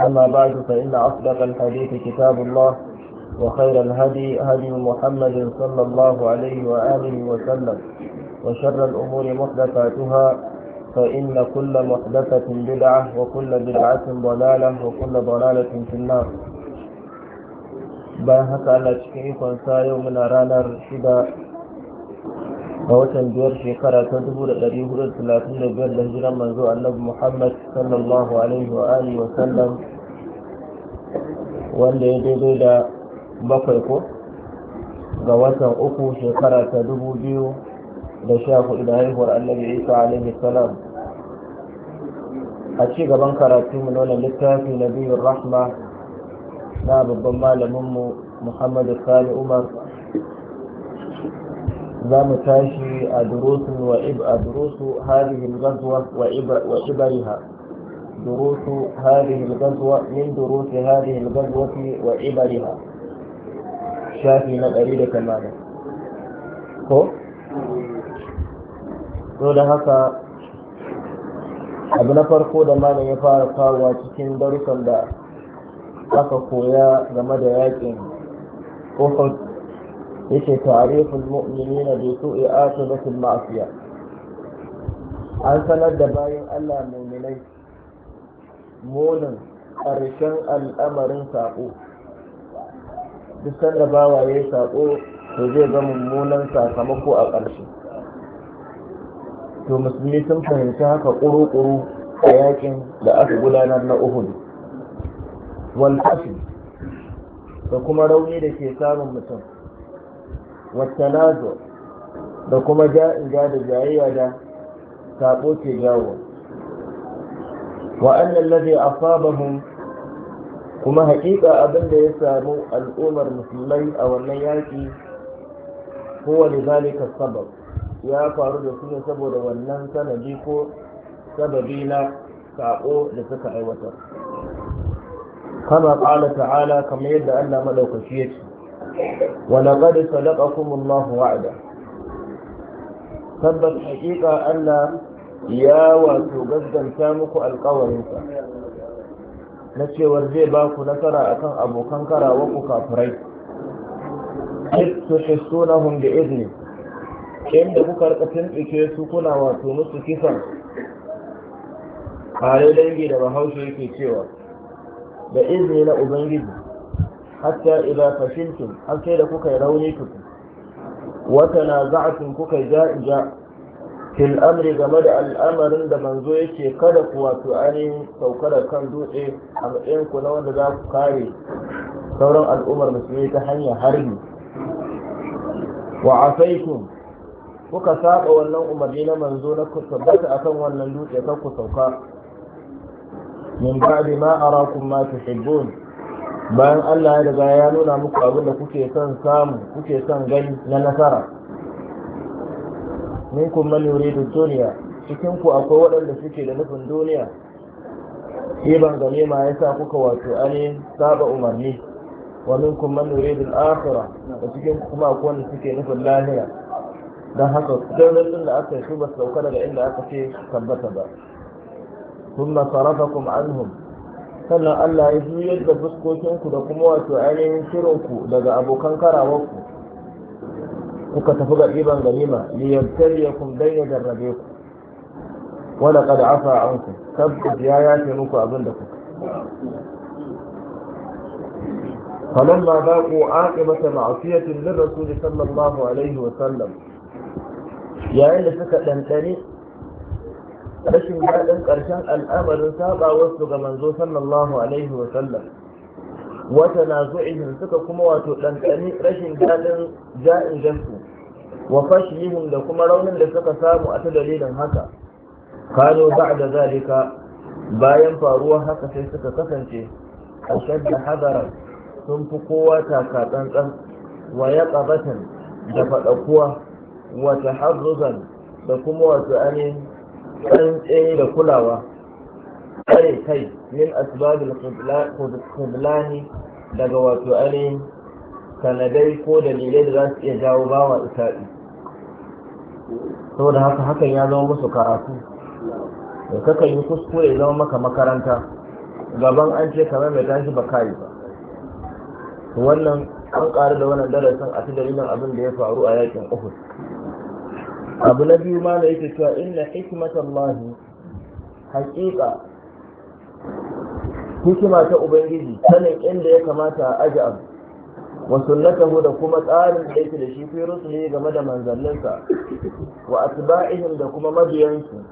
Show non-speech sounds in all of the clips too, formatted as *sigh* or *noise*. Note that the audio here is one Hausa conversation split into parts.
أما بعد فإن أصدق الحديث كتاب الله وخير الهدي هدي محمد صلى الله عليه وآله وسلم وشر الأمور محدثاتها فإن كل محدثة بدعة وكل بدعة ضلالة وكل ضلالة في النار باهك على تشكيك وانسى من رانر a watan biyar shekara ta dubu da ɗari hudu da talatin da biyar da hijiran manzo annabi muhammad sallallahu alaihi wa alihi wa sallam wanda ya daidai da bakwai ko ga watan uku shekara ta dubu biyu da sha hudu da haihuwar annabi isa alaihi salam a ci gaban karatu mu nuna littafi na biyun rahma na babban malaminmu muhammadu sani umar za mu tashi a durusun wa durusu harihin gazuwa wa ibariha durusu harihin gazuwa min durusu harihin gazuwa wa ibariha shafi na ɗari da kamada ko? so da haka abu na farko da malam ya fara kawo cikin darussan da aka koya game da yakin ko yake tarihul mu'minina bi su'i akibatil ma'siya an sanar da bayan Allah mu'minai munin ƙarshen al'amarin saƙo duk sanda bawaye saƙo to zai ga mummunan sakamako a ƙarshe to musulmi sun fahimci haka ƙuru-ƙuru a yakin da aka gudanar na uhud wal da kuma rauni da ke samun mutum والتنازع da kuma ja'in da jayayya da sabo ke jawo wa annan ladai asabahum kuma haƙiƙa abinda ya samu al'ummar musulmai a wannan yaƙi kowane zalika sabab ya faru da su ne saboda wannan sanadi ko sababi na sabo da suka aiwatar kama ta'ala kamar yadda allah maɗaukaci ya ce ولقد صدقكم الله وعده tabbas haƙiƙa, Allah ya wato gagganta muku alkawarinsa na cewar zai ba ku nasara akan abokan karawa ku kafirai su hisso na hundu inda kuka rika tuntuke su kuna wato musu kisan kare dangi da bahaushe yake cewa da izini na ubangiji hatta idza fashiltum har sai da kuka yi rauni tuku wa tanaza'tum kuka yi ja'ija fil amri game da al'amarin da manzo yake kada ku wato ainihin sauka da kan dutse a matsayin ku na wanda za ku kare sauran al'ummar musulmi ta hanyar harbi wa asaikum kuka saba wannan umarni na manzo na ku tabbata akan wannan dutse kan ku sauka min ba'di ma arakum ma tuhibbun bayan Allah ya daga ya nuna muku abin da kuke son samu kuke son gani na nasara minkum man da duniya, cikin ku akwai waɗanda suke da nufin duniya ban game ma sa kuka wato ane saba umarni wa kun man yuridu da akhirah da cikin ku kuma akwai wanda suke nufin lahira dan haka dan da aka yi su ba sauka daga inda aka ce tabbata ba ثم صرفكم عنهم sannan Allah ya juyar da fuskokinku da kuma wato ainihin shirinku daga abokan karawarku kuka tafi ga ɗiban ganima kun dan ya jarrabe ku wala qad afa ankum tabbat ya yafe muku abin da kuka فلما ذاقوا عاقبة معصية للرسول صلى wa Sallam. yayin da suka ɗanɗani rashin daɗin ƙarshen al'amarin saba wasu ga manzo sallallahu alaihi wa sallam wata na zu'ihin suka kuma wato ɗanɗani rashin daɗin ja'in jansu wa fashihim da kuma raunin da suka samu a ta dalilin haka kano ba da zalika bayan faruwa haka sai suka kasance a shadda hadaran sun fi kowa taka tsantsan wa ya da faɗaƙuwa wata taharruzan da kuma wato ainihin tsantsaye da kulawa tsare kai min asbabul khudlani daga wato ainihin sanadai ko dalilai da za su iya jawo bawa isa'i saboda haka hakan ya zama musu karatu da kakan yi kuskure ya zama maka makaranta gaban an ce kamar mai tashi ba kayi ba wannan an ƙaru da wannan darasin a dalilin abin da ya faru a yakin uhud abu na biyu ma da yake cewa inna hikmatallahi haƙiƙa hikima ta ubangiji sanin inda ya kamata a aji abu wa sunnatahu da kuma tsarin da yake da shi fi rusuli game da manzanninsa wa atba'ihim da kuma mabiyansu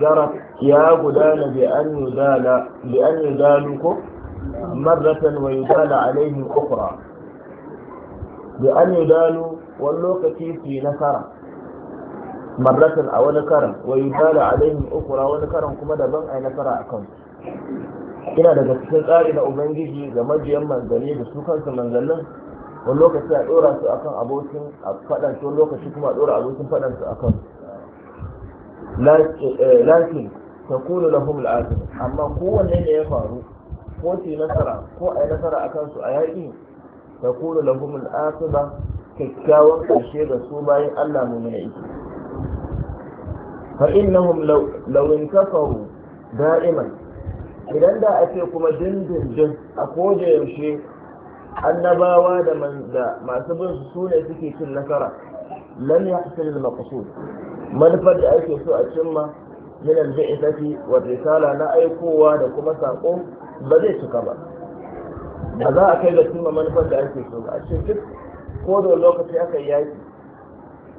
Zaraf ya gudana bi an yi bi ko marratan wa yudala alaihim ukura bi an dalu wani lokaci su yi nasara marratan a wani karan wa yudala alaihim ukura wani karan kuma daban ai nasara akan ina daga cikin tsari na ubangiji ga majiyan manzanni da su kansu manzannin wani lokaci a dora su akan abokin faɗan su lokaci kuma a dora abokin faɗan su akan lakin eh, ta kulu lahum al'azim amma kowanne ne ya faru ko su nasara ko a yi nasara a kansu a yaƙi ta kulu lahum al'azim kyakkyawan ƙarshe ga su bayan allah mu ne ita فإنهم لو لو انكفروا دائما idan da a ce kuma dindindin a koda yaushe annabawa da masu bin su sune suke cin nasara lam yahsil al maqsud manufar da ake so a cimma min al bi'thati wa risala na aikowa da kuma sako ba zai cika ba ba za a kai ga cimma manufar da ake so ba a ce duk ko da lokaci aka yaki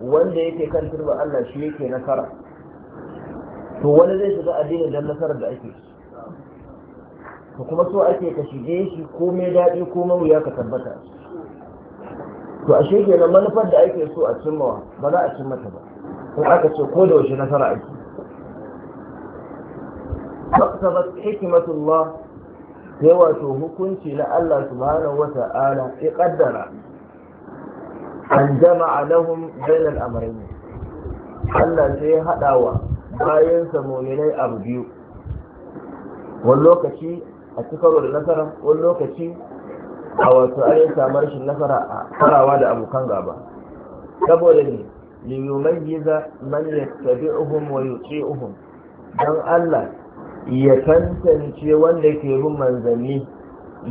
wanda yake kan turba Allah shi yake nasara to wani zai shiga addinin don nasarar da ake to kuma so ake ka shige shi ko mai daɗi ko mawuya ka tabbata to a ashe kenan manufar da ake so a cimmawa ba za a cimmata ba in aka ce ko da yaushe nasara ake faktabat hikimatullah sai wato hukunci na Allah subhanahu wa ta'ala ya kaddara an jama'a lahum bainal amrayn Allah sai ya wa bayan muminai abu biyu wani lokaci a cikaro da nasara wani lokaci a wato ayin samu rashin nasara a farawa da abokan gaba saboda ne liyuman giza man ya tabi uhun wa uhun don allah ya tantance wanda ke bin manzanni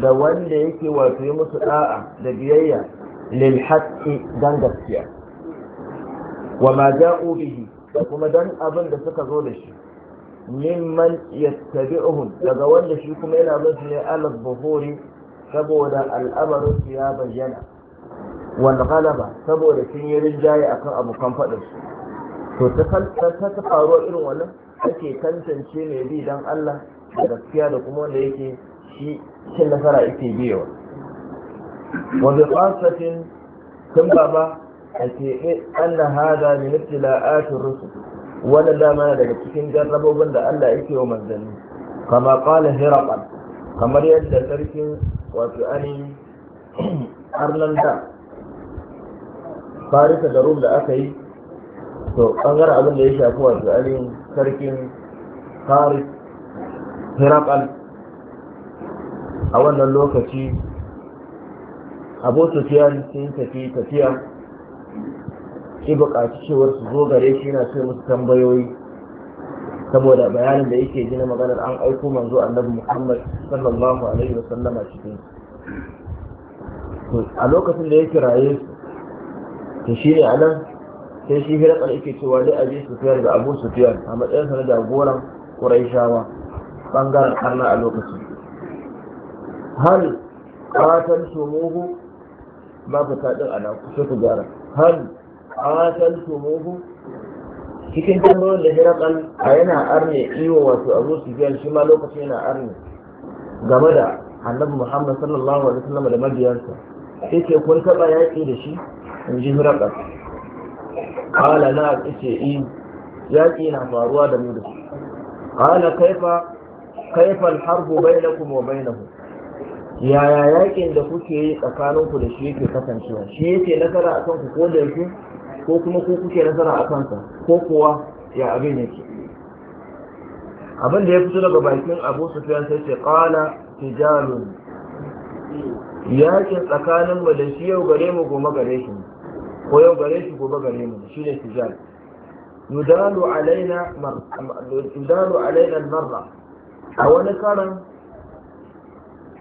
da wanda yake wato yi musu da'a da biyayya lil haqqi dan gaskiya wa ma ja'u bihi da kuma dan abin da suka zo da shi mimman yattabi'uhum daga wanda shi kuma yana zo su ne alal buhuri saboda al'amarin ya bayyana wal ghalaba saboda sun yi rinjaye akan abokan faɗin su to ta ta faruwa irin wannan ake tantance mai bi dan Allah da gaskiya da kuma wanda yake shi cin nasara yake biyewa wa bi qasatin baba a keɓe eh, an na haza min ibtila'atin rusul wannan dama daga cikin jarrabobin da Allah yake wa manzanni kama qala hiraqan kamar yadda sarkin wato ani *clears throat* arlanda farisa da rum da aka yi to bangaren abin da ya shafi wato ani sarkin faris hiraqan a wannan lokaci abu sufiyan sun tafi tafiya ya bukaci cewar su zo gare shi yana sai musu tambayoyi saboda bayanin da yake ji na maganar an aiko manzo annabi Muhammad sallallahu alaihi wa sallama cikin a lokacin da ya kiraye ta shi ne a nan sai shi hirakar yake cewa dai su fiyar da abu sufiyar a matsayin sa na jagoran ƙuraishawa ɓangaren arna a lokacin hal qatal sumuhu ma ta ɗin ana ku gyara hal qataltumuhu cikin tambayoyin da hirakal a yana arne iwo wato abu biyan shi ma lokaci yana arne game da annabi muhammad sallallahu alaihi wasallam da mabiyansa sai ce kun taba yaƙi da shi in ji hirakal qala na ce i e, yaƙi na faruwa da mu da shi qala kaifa kaifa al-harbu bainakum wa bainahu yaya yakin da kuke yi tsakaninku da shi yake kasancewa shi yake nasara akan ku ko da yake ko kuma ko kuke nasara a kansa ko kuwa ya abin yake abin da ya fito daga bakin abu fiye sai ce kala tijalun yakin tsakanin mu da shi yau gare mu gobe gare shi ko yau gare shi gobe gare mu shine tijal yudalu alaina mar yudalu alaina marra a wani karan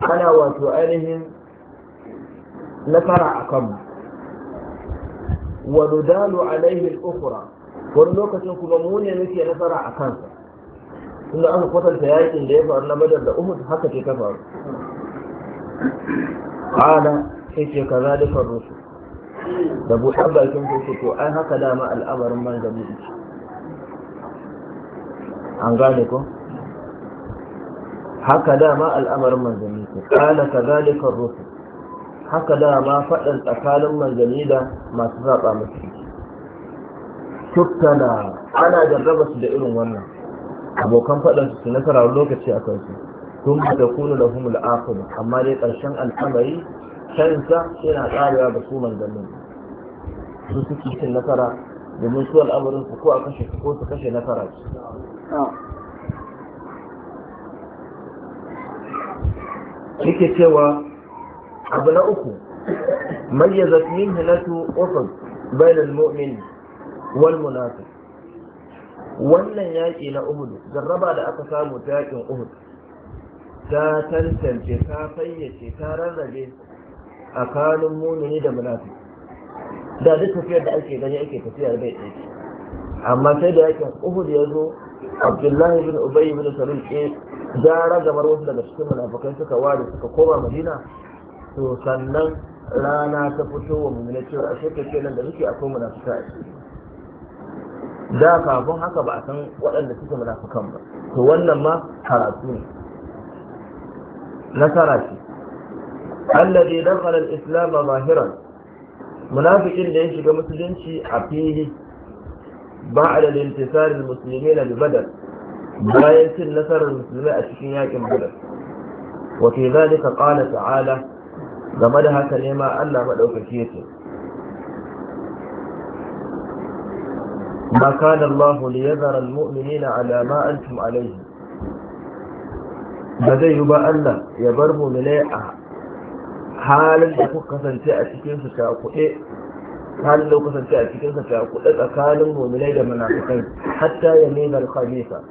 ana wato ainihin nasara a kanmu wa nudalu alaihi al-ukhra wani lokacin kuma mu ne muke nasara a kansa tunda aka kwatanta yakin da ya faru na badar da uhud haka ce ta faru qala sai ce kaza da rusul da buɗar bakin kusa to ai haka al'amarin an gane ko haka al'amarin haka dama faɗin tsakanin manzanni da masu zaɓa musu tuttana ana jarraba su da irin wannan abokan faɗin su nasara lokaci a kansu kun ba da kuna da humul amma dai ƙarshen al'amari kansa yana ƙarewa da su manzannin su suke cin nasara domin su al'amarin su ko a kashe ko su kashe nasara ce kike cewa abu na uku mayyazat min hilatu ufud bainal mu'min wal munafiq wannan yaƙi na uhud jarraba da aka samu ta yaƙin uhud ta tantance ta fayyace ta rarrabe a kanun mumini da munafiki da duk tafiyar da ake gani ake tafiyar bai ɗaya amma sai da yakin uhud ya zo abdullahi bin ubayi bin salim ke gara gamar wasu daga cikin munafikai suka ware suka koma madina to sannan rana ta fito wa mummune cewa a shekar nan da suke akwai munafuka a ciki da kafin haka ba a san waɗanda suke munafukan ba to wannan ma karatu ne nasara ce allazi dakhala al-islam zahiran munafiqin da ya shiga musulunci a fili ba'da al-intisar al-muslimin bi badr bayan cin nasarar musulmai a cikin yakin badal wa fi dhalika qala ta'ala game da haka ne ma Allah maɗaukaki yake ma kana Allah li yadhara almu'minina ala ma antum alayhi ba zai yi ba Allah ya bar mu'minai a halin da kuka kasance a cikin su ta kuɗe halin da kuka kasance a cikin su ta kuɗe tsakanin mu'minai da munafikai hatta ya nuna al-khabisa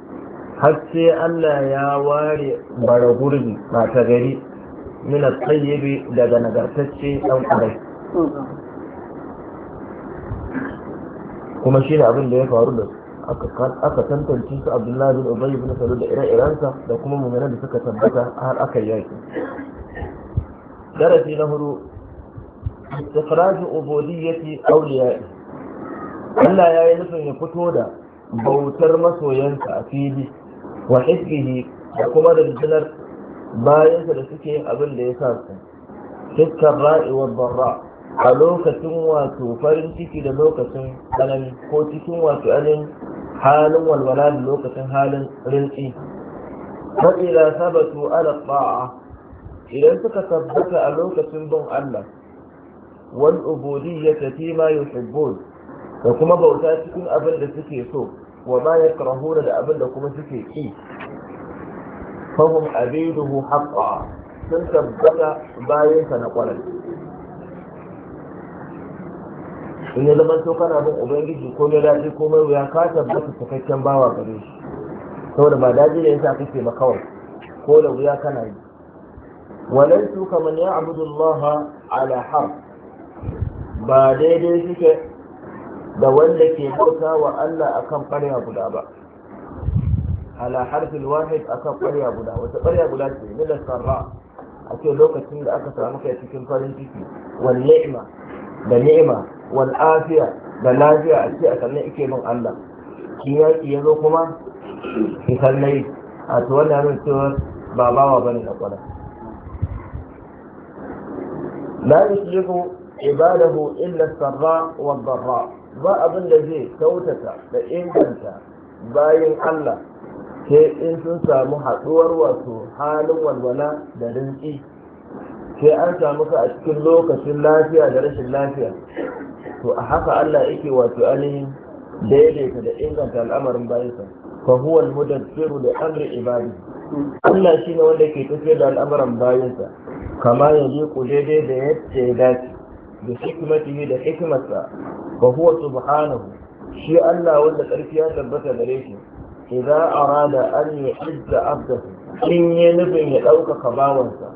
har sai Allah ya ware bara gurbi ba ta gari min at-tayyib daga nagartacce dan kurai kuma shine abin da ya faru da aka tantance su Abdullahi bin Ubay bin Salul da ire-irensa da kuma mu'minan da suka tabbata har aka yi yaki darasi na hudu istikraju ubudiyyati awliya'i Allah ya yi nufin ya fito da bautar masoyansa a fili wa hizbihi da kuma da jinar bayansa da suke yin abin da ya sa su fiskar ra'i wa barra a lokacin wato farin ciki da lokacin tsanani ko cikin wato alin halin walwala da lokacin halin rinci fa'ila sabatu ala ta'a idan suka tabbata a lokacin bin Allah wal ubudiyyata fi ma yuhibbun da kuma bauta cikin abin da suke so wa ma yakrahuna da abin da kuma suke ki fahim abiduhu haqqa sun tabbata bayansa na kwarai in ya zama to kana bin ubangiji ko ne daɗi ko mai wuya ka tabbata cikakken bawa gare shi saboda ba daji ne yasa kake ba kawai ko da wuya kana yi walantu kaman ya abudullaha ala har ba daidai suke da wanda ke bauta wa Allah akan ɓarya guda ba ala harfin wahid akan ƙwarya guda wata ƙwarya guda ce ne da sarra a ce lokacin da aka samu kai cikin farin ciki wal ni'ima da ni'ma wal afiya da lafiya a ce a sannan ike bin Allah shi yaƙi ya zo kuma isan nai a to wannan yaron cewa ba bawa bane na ƙwarar la yusrifu ibadahu illa sarra wa darra ba abin da zai kautata da inganta bayan Allah sai in sun samu haɗuwar wato halin walwala da rinki sai an samu ka a cikin lokacin lafiya da rashin lafiya to a haka Allah yake wato ainihin daidaita da inganta al'amarin bayansa fa huwa al-mudabbiru li amri ibadi Allah shi ne wanda ke tafiyar da al'amuran bayansa kama ya ku daidai da yadda ya dace da hikmatihi da hikmarsa fa huwa subhanahu shi Allah wanda ƙarfi ya tabbata gare shi Idan idza arada an yu'izza abdahu in yi nufin ya ɗaukaka bawansa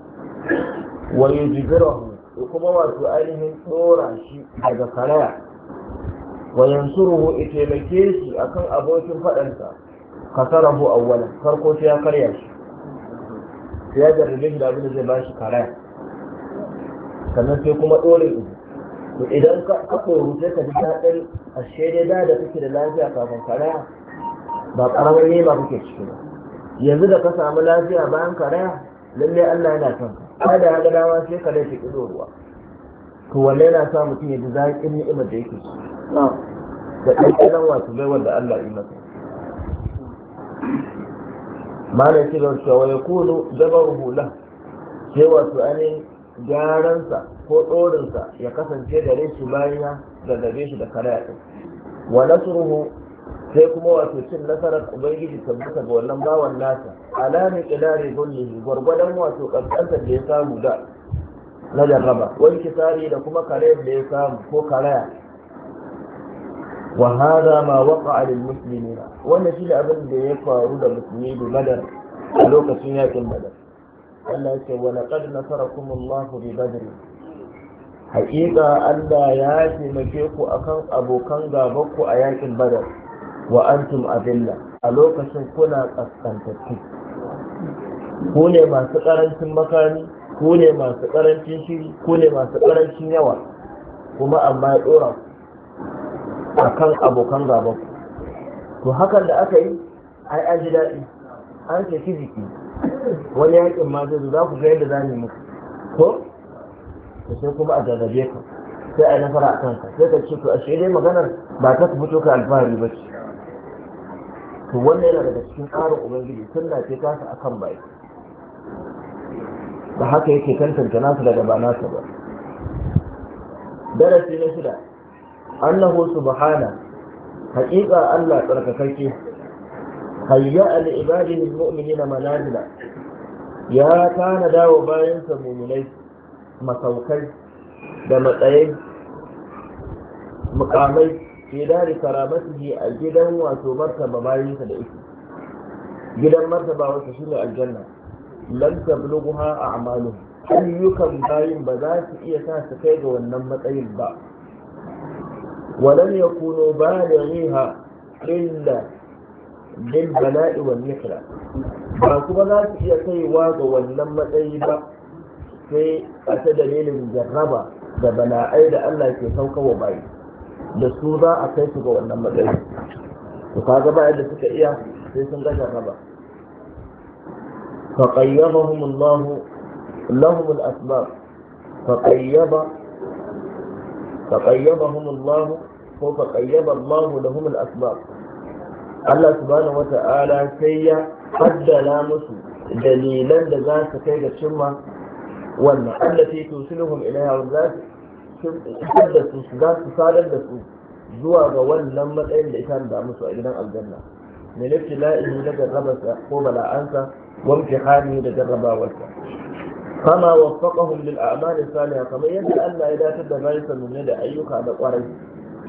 wa yujbirahu kuma wato ainihin tsora shi daga karaya wa yansuruhu itaimake shi akan abokin faɗansa Ka kasarahu awwalan farko shi ya karya shi sai ya jarrabe shi da abin da zai ba shi karaya sannan sai kuma ɗore uku idan ka ɗoru sai ka ji daɗin ashe dai da da kake da lafiya kafin karaya ba karamar ne ba kuke ciki ba yanzu da ka samu lafiya bayan karaya lalle Allah yana son ka kada ya ga dama sai ka dace ido ruwa to wallahi yana sa mutum ya ji zaƙin ni'imar da yake da ƙanƙanan wato bai wanda Allah yi masa mana ce da cewa ya kulu dabar hula sai wasu ainihin gyaransa ko tsorinsa ya kasance rai su bayan da gabe shi da karaya ɗin wa nasruhu sai kuma wato cin nasarar ubangiji tabbata ga wannan bawan nasa alani ilari zulmi gwargwadon wato kaskantar da ya samu da na jarraba ki kisari da kuma kare da ya samu ko karaya wa hada ma waqa lil muslimina wannan shi ne abin da ya faru da musulmi da madar a lokacin yakin madar Allah ya ce wa laqad nasarakum Allah bi badr Hakika Allah ya taimake ku akan abokan ku a yakin badar wa antum abilla a lokacin kuna kaskantattu ku ne masu karancin makami ku ne masu karancin shiri ku ne masu karancin yawa kuma amma ya dora a kan abokan gaban to hakan da aka yi ai an ji daɗi an ce jiki wani yakin ma zai za ku ga yadda za ni muku ko sai kuma a jarrabe ka sai a yi nasara a kanka sai ka ce to a shi dai maganar ba ta fito ka alfahari ba ce to wannan yana daga cikin tsarin ubangiji sunna ce kasa a akan bai da haka yake tantance nasu daga ba nasu ba darasi na shida annahu subhana haƙiƙa Allah tsarkakake hayya al ibadihi mu'minina manazila ya tana dawo bayan sa mu'minai masaukai da matsayi mukamai fi dari karamatihi a gidan wato martaba bayansa da ita gidan martaba wasu shine aljanna lan tablughuha a'malu ayyukan bayin ba za su iya sa su kai ga wannan matsayin ba ولم يكونوا بالغيها إلا بالبلاء والنحلة ba kuma za su iya kaiwa ga wannan matsayi ba sai a ta dalilin jarraba da bala'ai da Allah ke sauka wa bayi da su za a kai su ga wannan matsayi to kaga ba yadda suka iya sai sun gasha raba فقيضهم الله لهم الأسباب فقيض فقيضهم الله فقيض الله لهم الأسباب الله سبحانه sai ya قدر musu dalilan da za su kai ga cimma wannan allati tusiluhum ilaiha za isar da su za su sadar da su zuwa ga wannan matsayin da ita da musu a gidan aljanna min ibtila'ihi da jarrabarsa ko bala'ansa wa imtihani da jarrabawarsa kama waffaqahum lil a'mali salihah kamar yadda Allah ya dace da bayansa sanune da ayyuka da kwarai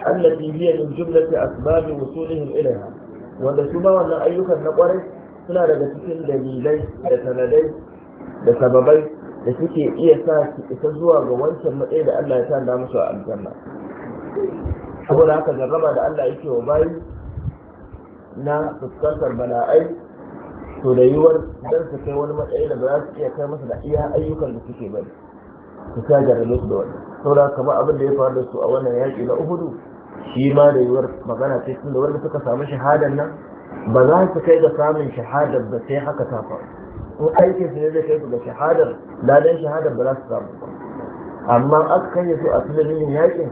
allati hiya min jumlati asbabi wusulihim ilaiha wanda su ba wannan ayyukan na kwarai suna daga cikin dalilai da sanadai da sababai da suke iya sa su isa zuwa ga wancan matsayi da Allah ya sa da musu a aljanna saboda haka jarraba da Allah yake wa bayi na fuskantar bala'ai to da yiwuwar dan su kai wani matsayi da ba za su iya kai masa da iya ayyukan da suke bari su sa jarrabe su da wani saboda kamar abin da ya faru da su a wannan yaƙi na uhudu shi ma da yiwuwar magana ce tun da wanda suka samu shahadar nan ba za su kai ga samun shahadar ba sai haka ta faru ko aikin su ne zai kai su ga shahadar ladan shahadar ba za su samu ba amma aka kai su a filin yakin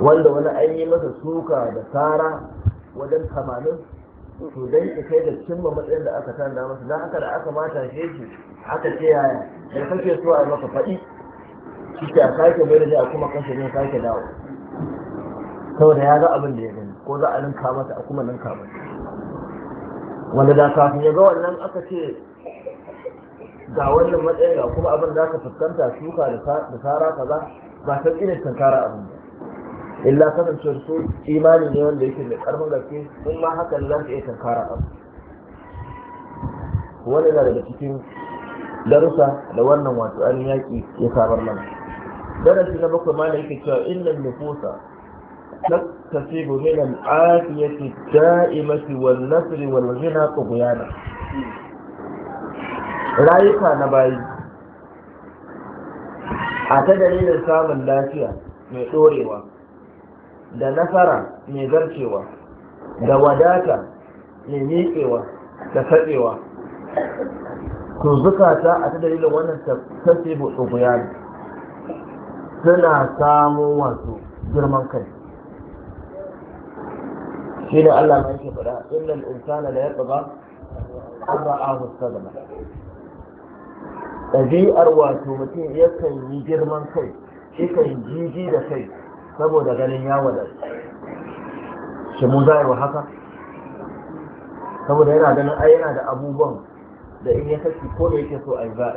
wanda wani an yi masa suka da tsara wajen kamanin su dai ka kai da cimma matsayin da aka tanda masa don haka da aka mata shi shi aka ce yaya da kake so a maka faɗi shi a sake mai da a kuma kashe ne sake dawo saboda ya ga abin da ya gani ko za a ninka mata a kuma ninka mata wanda da kafin ya ga wannan aka ce ga wannan matsayin ga kuma abin da ka fuskanta shuka da tara kaza ba ta irin tankara abin ba illa kasancewar su imani ne wanda yake da karfin gaske in ma hakan za su iya tankara abin wani na daga cikin darussa da wannan wato an yaƙi ya samar mana darasi na bakwai ma da yake cewa innan nufusa تكتسب من العافية الدائمة zina والغنى guyana. rayuka na bayi a ta dalilin samun lafiya mai ɗorewa da nasara mai zarcewa da wadata mai miƙewa da saɗewa to zukata a ta dalilin wannan tasibu tsubuyani suna samun wasu girman kai shi ne Allah ma ke faɗa innal insana la a an ra'ahu istagna ɗabi'ar wato mutum yakan yi girman kai yi jiji da kai saboda ganin ya wadata shi mun za wa haka saboda yana ganin ai yana da abubuwan da in ya kashi ko da yake so a yi za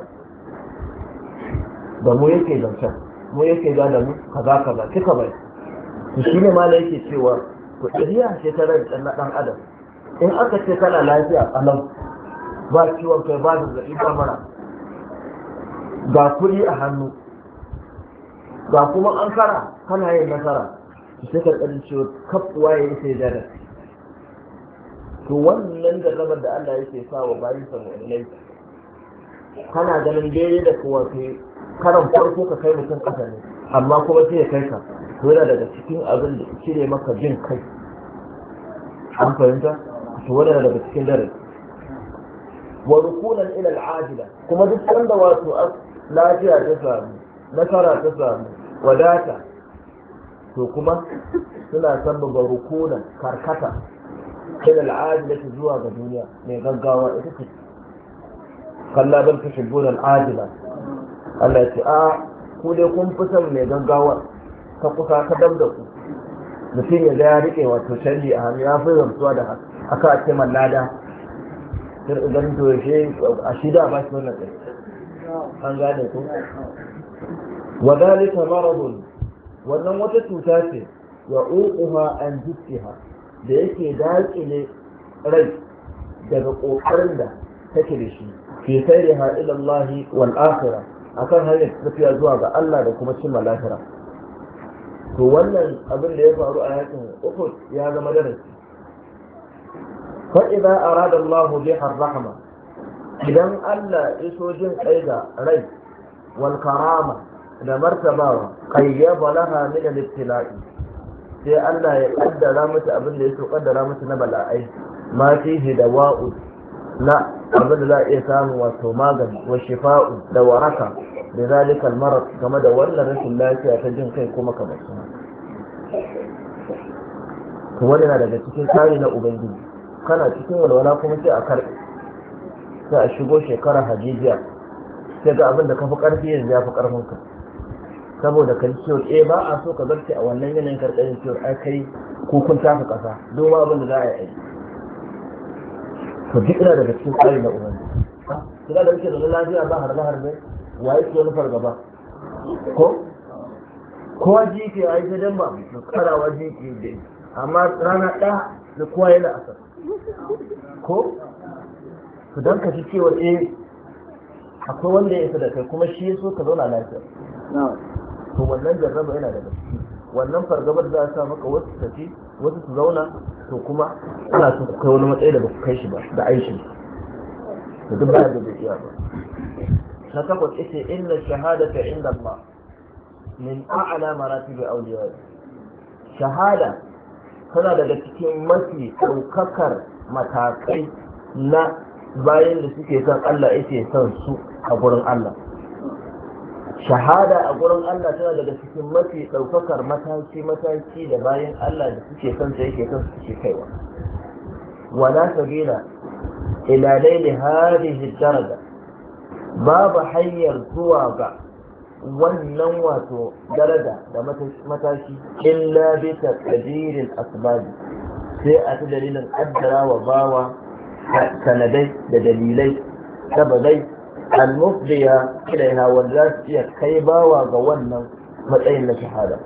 da mu yake zancen mu yake za da mu kaza kaza kika bai su shi ne ma da yake cewa ku ɗariya ce ta rai na ɗan adam in aka ce kana lafiya a nan. ba ciwon kai ba zaɓi ba mara ga kuɗi a hannu ga kuma an kara kana yin nasara sai ka ɗan cewa kafuwa ya sai jada to wannan da jarrabar da Allah yake sa wa bayan samu'ilai kana ganin daidai da kowa ke karan farko ka kai mutum kasa ne amma kuma sai ya kai ka to yana daga cikin abin da cire maka jin kai an fahimta to yana daga cikin dare wa rukunan ila al'ajila kuma duk wanda wato lafiya ta samu nasara ta samu wadata to kuma suna sababa hukuna karkata da al'adilati zuwa ga duniya mai gaggawa ita ce kalla shigo da al'adila Allah ya ce a ku dai kun fi son mai gaggawa ta kusa ta dab da ku mutum ya ga ya riƙe wato shari a hannu ya fi zamtuwa da haka aka ce mallada sai ganin to a shida ba shi wannan tsaye an gane ku wannan wata cuta ce wa uquha an jittiha da yake dakile rai daga kokarin da take da shi fi sayriha ila Allah wal akhirah akan hanyar tafiya zuwa ga Allah da kuma cimma lahira to wannan abin da ya faru a yakin Uhud ya zama darasi fa idza arada Allah biha rahma idan Allah iso jin kai da rai wal karama da martabawa ya balaha min al-ibtila'i sai Allah ya kaddara mata abin da ya so kaddara mata na bala'ai ma fihi wa'u na abin da za a iya samu wato magani wa shifa'u da waraka da zalikal marar game da wannan rashin lafiya ta jin kai kuma kamar su wani na daga cikin tsari na ubangiji kana cikin walwala kuma sai a karɓi. sai a shigo shekara hajijiya sai ga abin da ka fi ƙarfi yanzu ya fi ƙarfinka saboda kan ciwo eh ba a so ka zarce a wannan yanayin karkarin ciwo ai kai ko kun tafi ƙasa domin abin da za a yi to duk ina daga cikin tsari na ubangiji kira da muke zaune lafiya ba har harbe harbe wa yake wani fargaba ko kowa ji ke a yi ta dan ba karawa ji ke amma rana ɗaya da kowa yana asar ko to don ka fi cewa eh akwai wanda ya isa da kai kuma shi ya so ka zauna lafiya to wannan jarraba yana da gaske wannan fargabar za a sa maka wasu tafi wasu su zauna to kuma ana so ku kai wani matsayi da ba ku kai shi ba da aishi Da duk ba da bai ba na takwas ita inna ta inda ma min a'la maratibi awliya shahada tana daga cikin mafi ɗaukakar matakai na bayan da suke son Allah yake son su a gurin Allah shahada a gurin Allah tana daga cikin mafi ɗaukakar mataki mataki da bayan Allah da suke son sa yake son su suke kaiwa wala sabila ila laili hadhihi daraja babu hanyar zuwa ga wannan wato daraja da mataki illa bi taqdiril asbab sai a ta dalilin addara wa bawa sanadai da dalilai sabadai al-mufdiya ilaiha wanda za su iya kai bawa ga wannan matsayin na shahada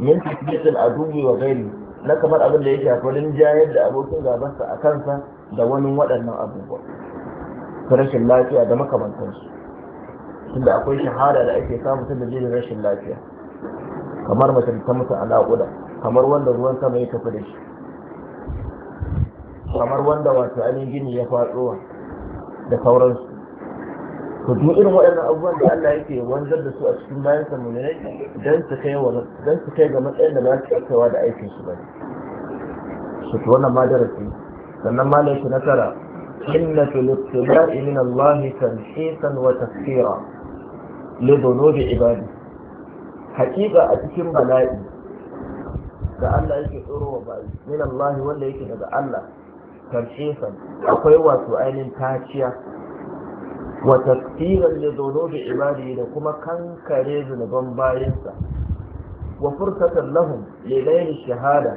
min a aduwi wa ghairi na kamar abin da ya shafi jayar da abokin gabansa a kansa da wani waɗannan abubuwa ta rashin lafiya da makamantansu tunda akwai shahada da ake samu tun da jirin rashin lafiya kamar mace ta mutu a naƙuda kamar wanda ruwan sama ya tafi da shi kamar wanda wato ainihin gini ya faɗo da sauransu to duk irin waɗannan abubuwan da Allah yake wanzar da su a cikin bayan sa mulai dan su kai wa dan su kai ga matsayin da za su kaiwa da aikin su ba su to wannan ma darasi sannan ma laifi na tara inna fil ittiba'i min Allah tanhisan wa tafsira li dhunubi ibadi haƙiƙa a cikin bala'i da Allah yake tsoro wa bayi min Allah wanda yake daga Allah tarhisan akwai wato ainihin kaciya wa tafsiran li dhunubi ibadi da kuma kankare zunuban bayansa wa fursatan lahum li layli shahada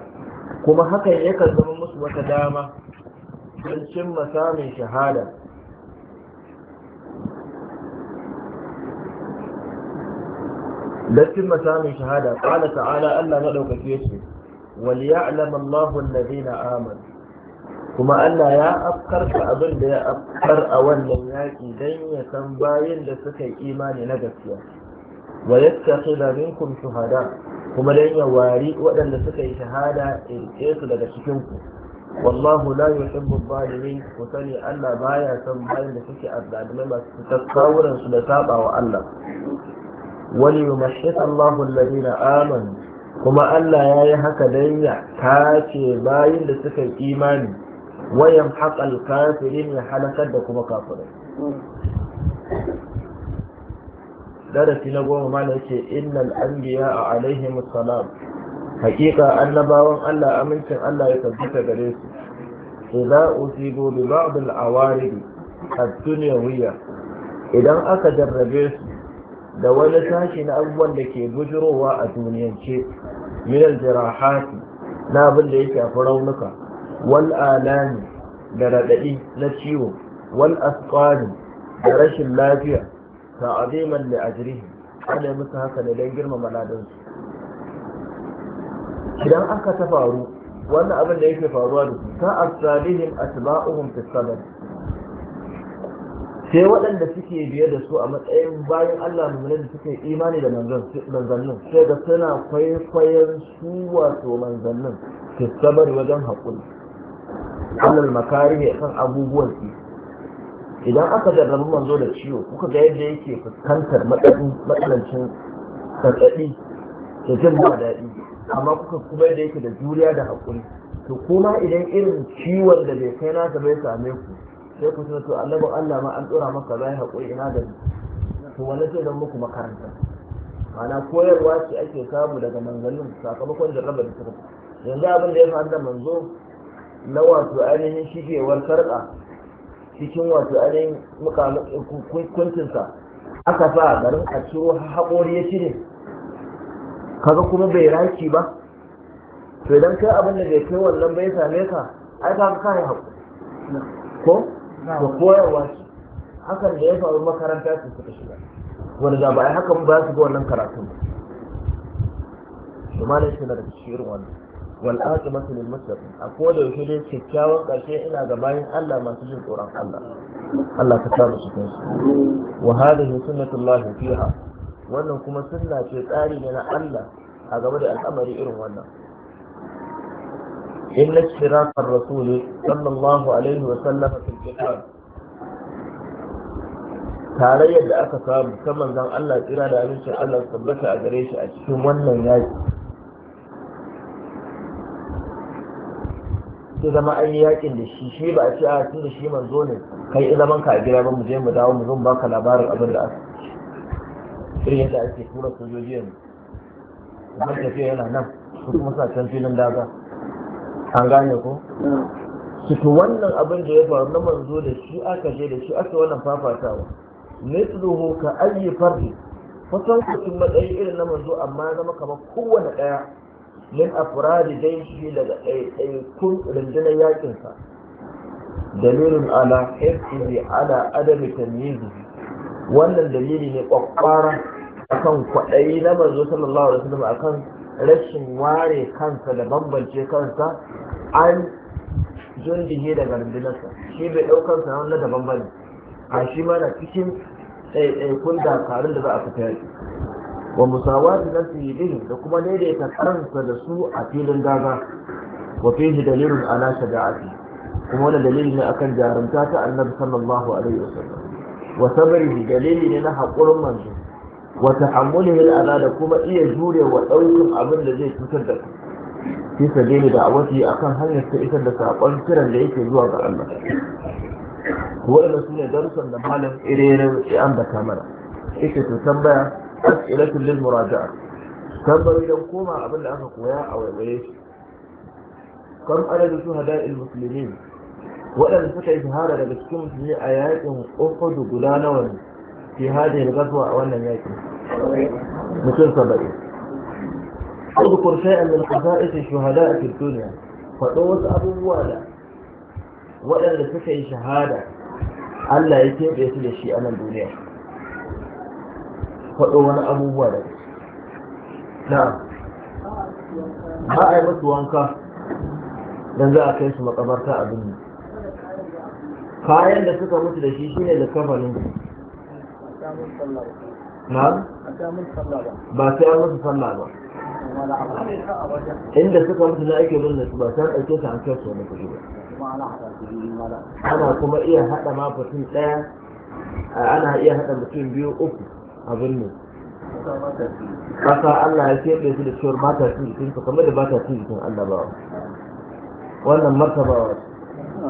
kuma hakan yakan zama musu wata dama don cimma samun shahada لكن مسامي شهادة قال تعالى ألا ملوك فيه وليعلم الله الذين آمنوا kuma Allah ya afkar ka abin da ya afkar a wannan yaƙi don ya san bayan da suka yi imani na gaskiya wa yattakhidha minkum shuhada kuma don ya wari waɗanda suka yi shahada irke su daga cikin ku wallahu la yuhibbu zalimin ku sani Allah baya son bayin da suke azzalimai masu tattawuran su da saba wa Allah wali yumashshita Allahu alladhina amanu kuma Allah ya yi haka don ya tace bayan da suka yi imani wayan haƙal kafirin ya halakar da kuma kafirai darasi na goma mana ce innal anbiya a alaihi salam hakika annabawan Allah amincin Allah ya tabbata gare su idza usibu bi ba'd al awarid ad-dunyawiyya idan aka jarrabe su da wani sashi na abubuwan da ke bujirowa a duniyance min al-jirahat na abin da ya shafi raunuka wal da raɗaɗi na ciwo wal da rashin lafiya ta ta'aziman da ajrihim ana musu haka ne don girmama ladansu idan aka ta faru wannan abin da yake faruwa da su ta asalihin asba'uhum fi sabr sai waɗanda suke biye da su a matsayin bayan Allah mu'minin da suke imani da manzannin sai ga suna kwaikwayon su wato manzannin fi sabar wajen haƙuri alal makarihi kan abubuwan ki idan aka jarrabi manzo da ciwo kuka ga yadda yake fuskantar matsalancin sarkaɗi da jin ba daɗi amma kuka kuma yadda yake da juriya da haƙuri to kuma idan irin ciwon da bai kai nasa bai same ku sai ku to annabin Allah ma an tsora maka zai haƙuri ina da to wani sai zan muku makaranta ma'ana koyarwa ce ake samu daga manzannin sakamakon jarraba da suka yanzu abin da ya faru da manzo na wato ainihin shigewar sarƙa cikin wato ainihin kuncinsa aka sa garin a ciro haƙori ya cire kaga kuma bai raki ba to idan kai abin da bai kai wannan bai same ka ai ka ka haƙo ko ko koyarwa ce hakan da ya faru makaranta su suka shiga wanda da ba a hakan ba su ga wannan karatun ba. ne shi na da shirin wannan. wal aqibatu lil muttaqin a koda yake dai kyakkyawan karshe ina ga bayan Allah masu jin tsoron Allah Allah ka samu su kai wa hadhihi sunnatullah fiha wannan kuma sunna ce tsari ne na Allah a gaba da al'amari irin wannan Inna إن اشتراك الرسول صلى alaihi wa وسلم في الجهاد tarayyar da aka samu ta manzon Allah tsira da amincin Allah tabbata a gare shi a cikin wannan yaki sai zama an yi yakin da shi shi ba a ce a ah, tun da shi manzo ne kai zaman ka a gida ba mu je mu dawo mu zo mu baka labarin abin da aka irin yadda ake tura sojoji yanzu kamar tafiya yana nan su kuma sa can filin daga an gane ko hmm. to wannan abin da ya faru na manzo da shi aka je da shi aka wannan fafatawa su mithluhu ka ayyi fardi kusan kusin matsayi irin na manzo amma zama kamar kowane ɗaya min afradi shi daga ɗaiɗaikun rundunar yakinsa dalilin ala hifzi ala adami tamyizi wannan dalili ne A kan kwaɗayi na manzo sallallahu alaihi wasallam akan rashin ware kansa da bambance kansa an jundihe daga rundunarsa shi bai ɗaukar sa na daban bane a shi mana cikin ɗaiɗaikun dakarun da za a fita yaki wa musawati na bihim da kuma daidaita kansa da su a filin daga wa fihi dalilun ala shaja'ati kuma wannan dalili ne akan jarumta ta annabi sallallahu alaihi wasallam wa sabrihi dalili ne na haƙurin manzo wa tahammulihi al'ada da kuma iya jure wa ɗaukin abin da zai cutar da ku fi sabili da awati akan hanyar ta isar da sakon kiran da yake zuwa ga Allah waɗanda sune darussan da malam irin ya ambata mana ita to tambaya أسئلة للمراجعة تنظر إلى كوما أبن أخا قوياء أو إيش كم عدد شهداء المسلمين وأنا سكى إظهار لبسكم في آيات أخذ قلانا في هذه الغزوة أو أن يأتي مثل سبعين اذكر شيئا من خصائص الشهداء في الدنيا فدوس أبو ولا وأنا سكى شهادة ألا يتم keɓe الشيء من shi faɗo wani abubuwa da na ba a yi masu wanka don za a kai su makabarta a binne kayan da suka mutu da shi shine da kafanin na ba sai an musu sallah ba inda suka mutu na ake binne su ba sai an ɗauke su an kai su wani kuɗi ba ana kuma iya haɗa ma mutum ɗaya ana iya haɗa mutum biyu uku abin ne kasa Allah ya keɓe su da cewar ba ta fi jikin kamar da ba ta fi jikin annabawa wannan martabawa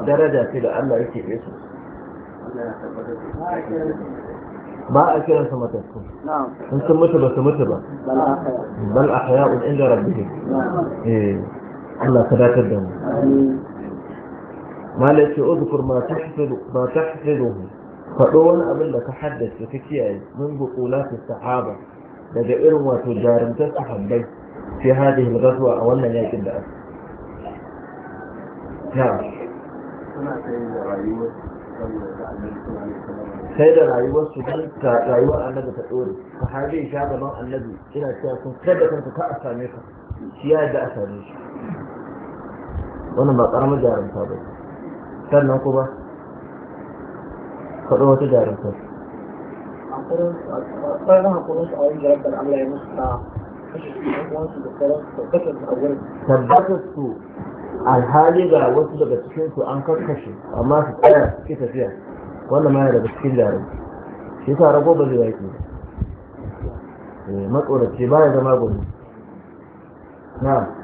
daraja ce da Allah ya keɓe su ba a kiran su matattu in sun mutu ba su mutu ba bal a haya'un inda rabbi eh Allah ka dakatar da mu malaki uzkur ma tahfidu ma tahfiduhu faɗo wani abin da ka haddasa ka kiyaye min buƙulatus sahaba daga irin wato jarumtar sahabbai fi hadhihi al-ghazwa a wannan yakin da aka na sai da rayuwar su don rayuwar annabi ta ɗore ka har zai sha gaban annabi ina cewa sun kai da kanka ka a same ka shi ya yadda a same shi wannan ba ƙaramin jarumta ba sannan kuma faɗo wata jarumta tabbatar su alhali ga wasu daga cikin su an karkashe amma su tsaya suke tafiya wannan ma daga cikin jarumta shi yasa rago ba zai yaki ba eh, matsorace ba ya zama gudu na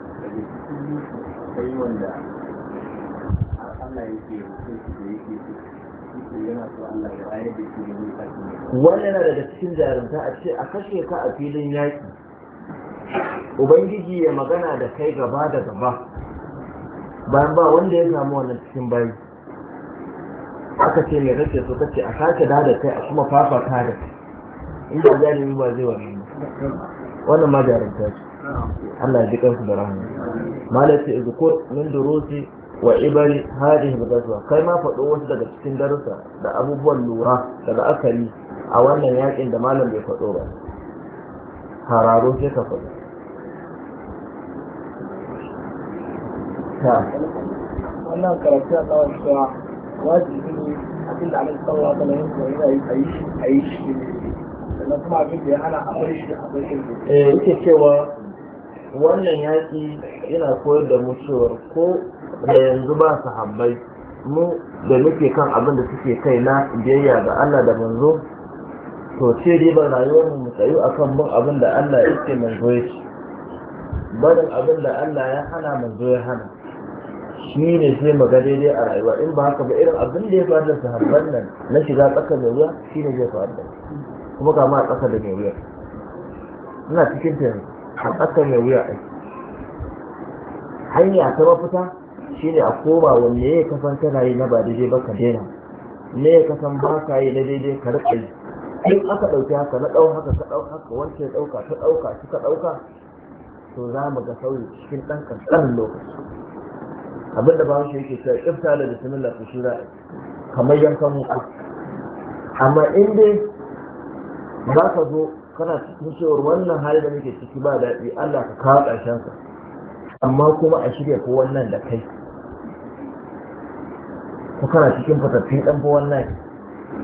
wannan yana daga cikin jarumta a ce a kashe ka a filin yaƙi ubangiji ya magana da kai gaba da gaba bayan ba wanda ya samu wannan cikin bayi aka ce mai rashe so kace a sake da da kai a kuma fafa ka da inda jarumi ba zai wani wannan ma jarumta ce Allah ya ji kansu da rahama malaka izkur min durusi wa ibari hadhihi bidatuwa kai ma faɗo wasu daga cikin darussa da abubuwan lura da la'akari a wannan yakin da malam bai faɗo ba hararo sai ka faɗo wannan karatu a tsawon cewa wajibi ne abin da alaihi sallallahu alaihi koyi ya yi a yi shi sannan kuma abin da ya hana a bari shi a bari shi eh yake cewa wannan yaki yana koyar da mu cewa ko da yanzu ba sahabbai mu da muke kan abin da suke kai na biyayya ga Allah da manzo to ce dai ba rayuwar mu tsayu akan bin abin da Allah ya ce manzo ya ce barin abin da Allah ya hana manzo ya hana shi ne sai mu ga daidai a rayuwa in ba haka ba irin abin da ya faru da sahabban nan na shiga tsaka da ruwa shi ne zai faru da kuma kama a tsakar da mai wuya ina cikin ta a tsaka mai wuya Ai hanya ta mafita shine a koma wanne ya kasan kana yi na ba daidai ba ka daina ne ya kasan ba ka yi na daidai ka riƙa yi in aka ɗauki haka na ɗau haka ka ɗau haka wance ɗauka ta ɗauka ka ɗauka to za mu ga sauyi cikin ɗan ƙanƙanin lokaci abin da shi yake cewa ƙifta da bismillah ku shura kamar yankan muku amma in dai za ka zo kana cikin cewar wannan hali da muke ciki ba daɗi Allah ka kawo ƙarshen amma kuma a shirya ko wannan da kai ko kana cikin fatattun ɗan fa wannan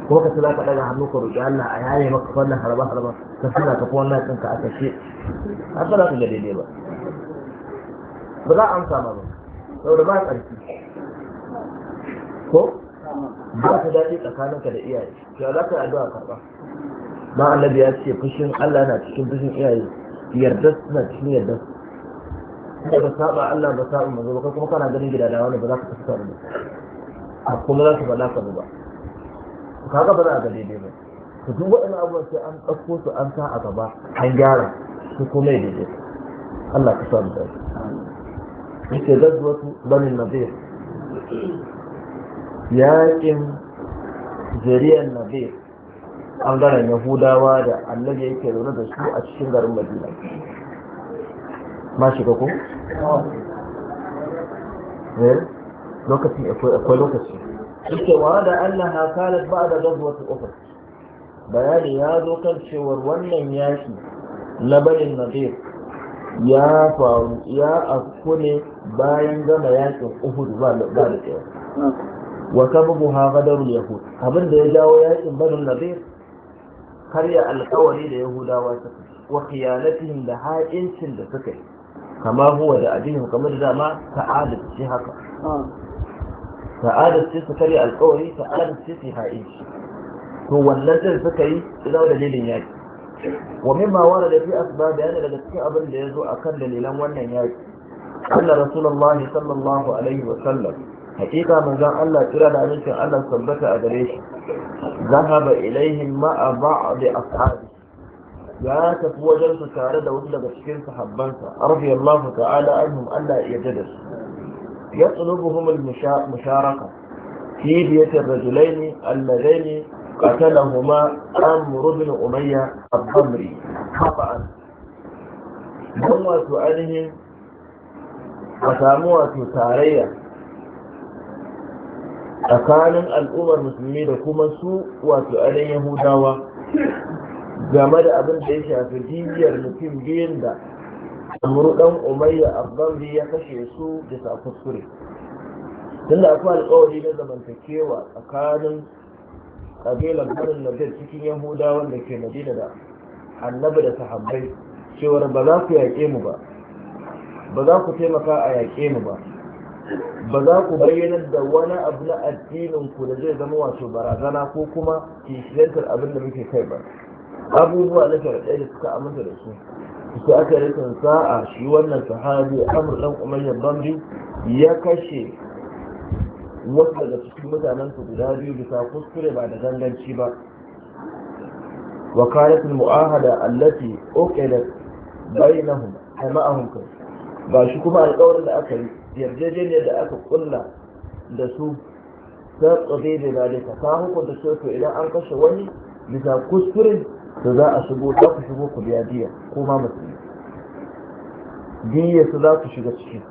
ko ka ci za ka ɗaga hannu ka roƙi Allah a yaye maka wannan harba harba ka suna ka fa wannan ka a kashe har ba za ka ga daidai ba ba za a amsa ma ba saboda ba tsarki ko ba ta daɗi tsakaninka da iyaye ya za ka yi addu'a karɓa ma annabi ya ce fushin Allah na cikin fushin iyaye yarda suna cikin yarda da ba saba Allah ba saba manzo ba kuma kana ganin gidadawa ne ba za ka fuskanta ba a kuma za su faɗa ka ba kaga ga za a ga daidai ba to duk waɗannan abubuwan sai an ɗauko su an sa a gaba an gyara su kuma ya daidai Allah ka sa mu da yake su banin nadir yaƙin jariyar nadir ɓangaren yahudawa da annabi yake zaune da su a cikin garin madina ma shiga ko? Eh? lokacin akwai lokaci yake wada annaha kanat ba'da ghazwati ukhra bayani ya zo kan cewar wannan yaki na bayin nadir ya faru ya afku ne bayan gama yakin uhud ba da tsaye wa sababu ha gadar yahud abin da ya jawo yakin banin nadir karya alkawari da yahudawa suka wa khiyanatihim da ha'incin da suka yi kama huwa da addinin kamar da ma ta'adar shi haka sa'adar ce su karya alkawari sa'adar ce su ha'in shi to wannan zai suka yi zama dalilin yaki wa mimma wara da fi asbab yana daga cikin abin da ya zo a kan dalilan wannan yaƙi. Allah rasulullahi sallallahu alaihi wa sallam hakika manzon Allah kira da amincin Allah sabbata a gare shi zahaba ilaihim ma'a ba'd ashabi ya tafi wajen su tare da wasu daga cikin sahabbansa radiyallahu ta'ala anhum Allah ya jada يطلبهم المشاركة في دية الرجلين اللذين قتلهما عمرو بن أمية الضمري خطأ ثم أنهم وساموة تارية tsakanin al'ummar musulmi da kuma su wato ainihin yahudawa game da abin da ya shafi jijiyar mutum biyun da amuru dan umayya bi ya kashe su da safuskure kuskure tunda akwai alkawari na zamantakewa tsakanin kabilar garin nadir cikin Yahuda wanda ke madina da annabi da sahabbai cewar ba za ku yaƙe mu ba ba za ku taimaka a yaƙe mu ba ba za ku bayyanar da wani abu na addinin ku da zai zama wato barazana ko kuma kishiyantar abin da muke kai ba abubuwa na karɗe da suka aminta da su sai aka rikin sa'a shi wannan sahabi amur dan umayya bambi ya kashe wasu daga cikin mutanen su guda biyu bisa kuskure ba da ganganci ba وكانت المؤاهدة التي أقلت بينهم حماءهم ba shi kuma alƙawarin da aka yi yarjejeniyar da aka kulla da su ta tsabe da zalika ta hukunta soto idan an kashe wani bisa kuskure su za a shigo za ku shigo ku biya diya ko ma musulmi diya su za ku shiga ciki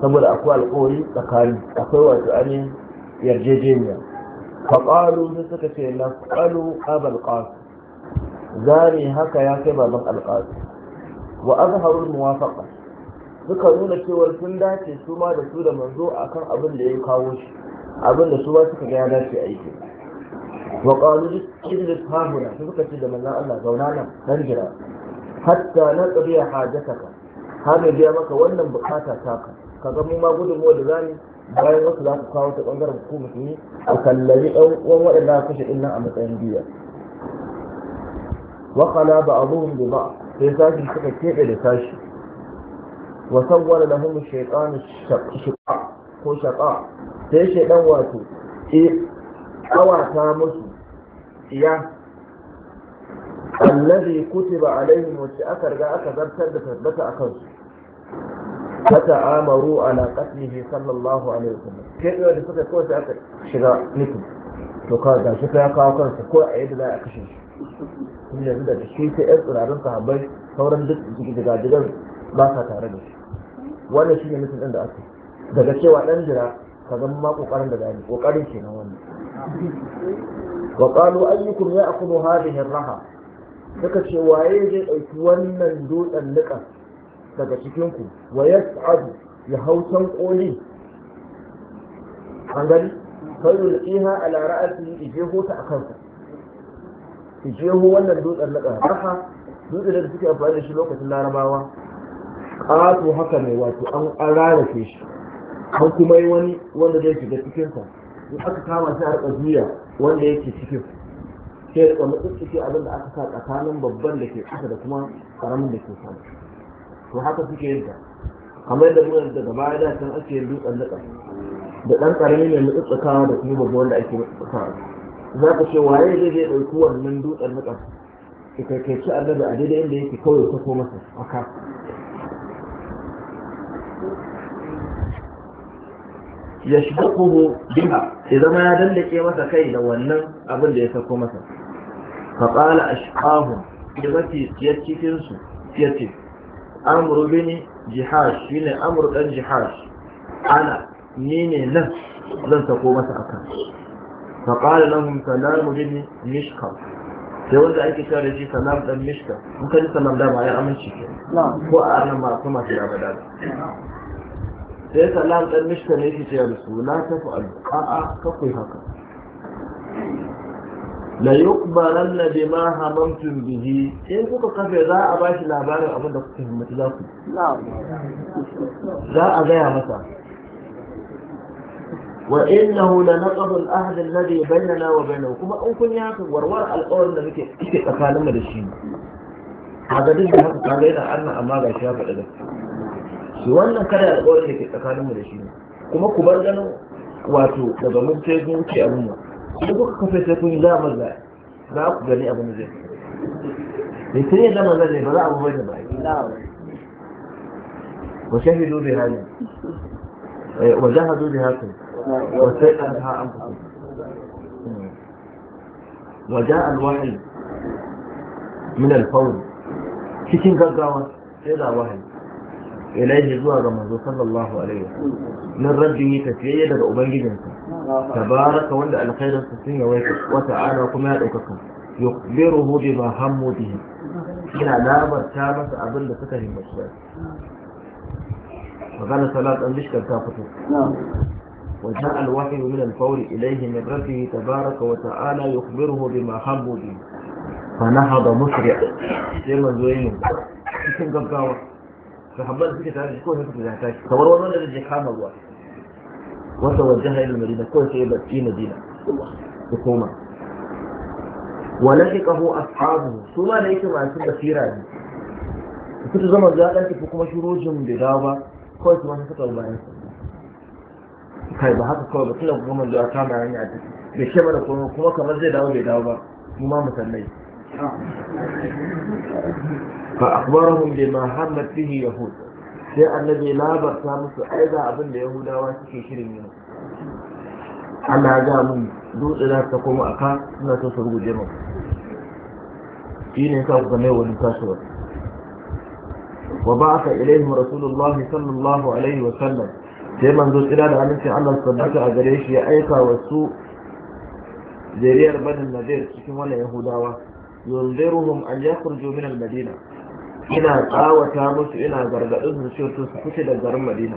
saboda akwai alƙawari tsakani akwai wato ainihin yarjejeniya faƙalu sai suka ce na faƙalu abal ƙasu zane haka ya kai baban alƙasu wa haru muwafaƙa suka nuna cewar sun dace su ma da su da manzo akan abin da ya kawo shi abin da su ba suka ga ya dace aiki wa qalu idlis ha huna suka ce da manzon Allah zauna nan nan jira hatta na qadiya hajataka har ne biya maka wannan bukata taka ga mu ma gudunmuwa da zamu bayan wasu za ku kawo ta bangaren ku musulmi a kallari ɗan uwan waɗanda aka kashe ɗin nan a matsayin biya wa kala ba abuhum bi ba sai sashi suka keɓe da sashi wa sawwara lahum shaytanu shaqa ko shaqa sai shaytan wato e awata musu ya allazi kutiba alaihim wacce aka riga aka zartar da tabbata a kansu ta ta'amaru ala qatlihi sallallahu alaihi wasallam ke da suka kawai kowace aka shiga niki to ka ga shi ya kawo kansa ko a yadda za a kashe shi tun yanzu da shi sai yan tsirarin sahabbai sauran duk jigajigan ba sa tare da shi wannan shine nufin din da ake daga cewa dan jira ka zama ma kokarin da zai kokarin kenan wannan wa qalu ayyukum ya'khudhu hadhihi ar-raha suka ce waye zai ɗauki wannan dutsen niƙa daga cikin ku wa yas'adu ya hautan koli an gani fa yulqiha ala ra'sihi ijehu ta akansa ijehu wannan dutsen niƙa raha dutsen da suke amfani da shi lokacin larabawa ƙato haka ne wato an rarrafe shi an kuma yi wani wanda zai shiga in aka kama shi a wanda yake cikin sai ya abin da aka sa tsakanin babban da ke ƙasa da kuma da ke sama to haka suke yin ta kamar yadda muka daga baya da can ake yin dutsen da da ɗan ƙarami da kuma babban da ake za ka ce waye zai ɗauki wannan dutsen na ƙasa ka kai ci a daidai inda yake kawai ta masa a ya shiga kuhu biha ya zama ya dandake masa kai da wannan abin da ya sako masa Ka faƙala a shi'ahu ya mafi ya cikinsu ya ce amuru bini jihash shi ne amuru ɗan jihash ana ni ne nan zan sako masa a kan Ka faƙala lahum salamu bini Mishka. sai wanda ake cewa da shi salam ɗan Mishka. Mun ka ji salam dama ya amince ke ko a arnan ma kuma su da ba sai sallan dan mishka ne yake cewa su la tafal a'a kakwai haka la yuqbalanna bima hamamtum bihi in kuka kafe za a bashi labarin abin da kuka himmatu za ku za a gaya masa wa innahu la naqdu al ahd alladhi bainana wa bainahu kuma in kun yi haka warwar alƙawarin da muke tsakanin mu da shi kaga duk da haka kaga yana annan amma ga shi ya faɗi gaskiya shi wannan kada da kawai ne ke tsakanin mu da shi kuma ku bar ganin wato daga mun sai kun wuce abin mu idan kuka kafe sai kun za mu za za ku gani abin da zai da sai ya zama zai ba za a bai da bai wa shahidu bi hali eh, wa jahadu bi hakum wa sai an ha an fuku hmm. wa ja'a al-wahyi min al-fawl cikin gaggawa sai da wahayi ينجز رمضان صلى الله عليه وسلم من رجمي تسيئي لدى أبنجدنك تبارك وانا الخير السسين ويكس وتعالى كما يدعوكك يخبره بما هم به إن علامة شامة أبن لفكه المشباك فقال صلاة أنجشك التافت نعم. وجاء الوحي من الفور إليه من رجمي تبارك وتعالى يخبره بما هم به فنهض مسرع سيما زوين سيما زوين sahabban suke tare da ko sai suka zata shi kamar wani wanda zai kama ruwa wata wajen hailul madina ko sai ba ci madina ya koma wala shi kaho ashabu su ma da yake masu basira ne kuka zama za a tafi kuma shurojin da dawo ba kawai su masu suka bayan kai ba haka kawai ba tuna kuma manzo a kama hanya a tafi bai shema da kuma kamar zai dawo bai dawo ba mu ma musallai فأخبرهم بما همت به يهود sai annabi labarta musu ai ga abin da yahudawa suke shirin yi Allah ga mun dutse za ta koma aka suna so su ruguje mu shi ne ka kuka mai wani kasuwa wa ba'atha ilaihim rasulullah sallallahu alaihi wa sallam sai manzo tsira da annabi Allah tabbata a gare shi ya aika wasu zariyar banin nadir cikin wannan yahudawa yunziruhum an yakhruju min al-madina ina tsawata musu ina gargadin su cewa su fice da garin madina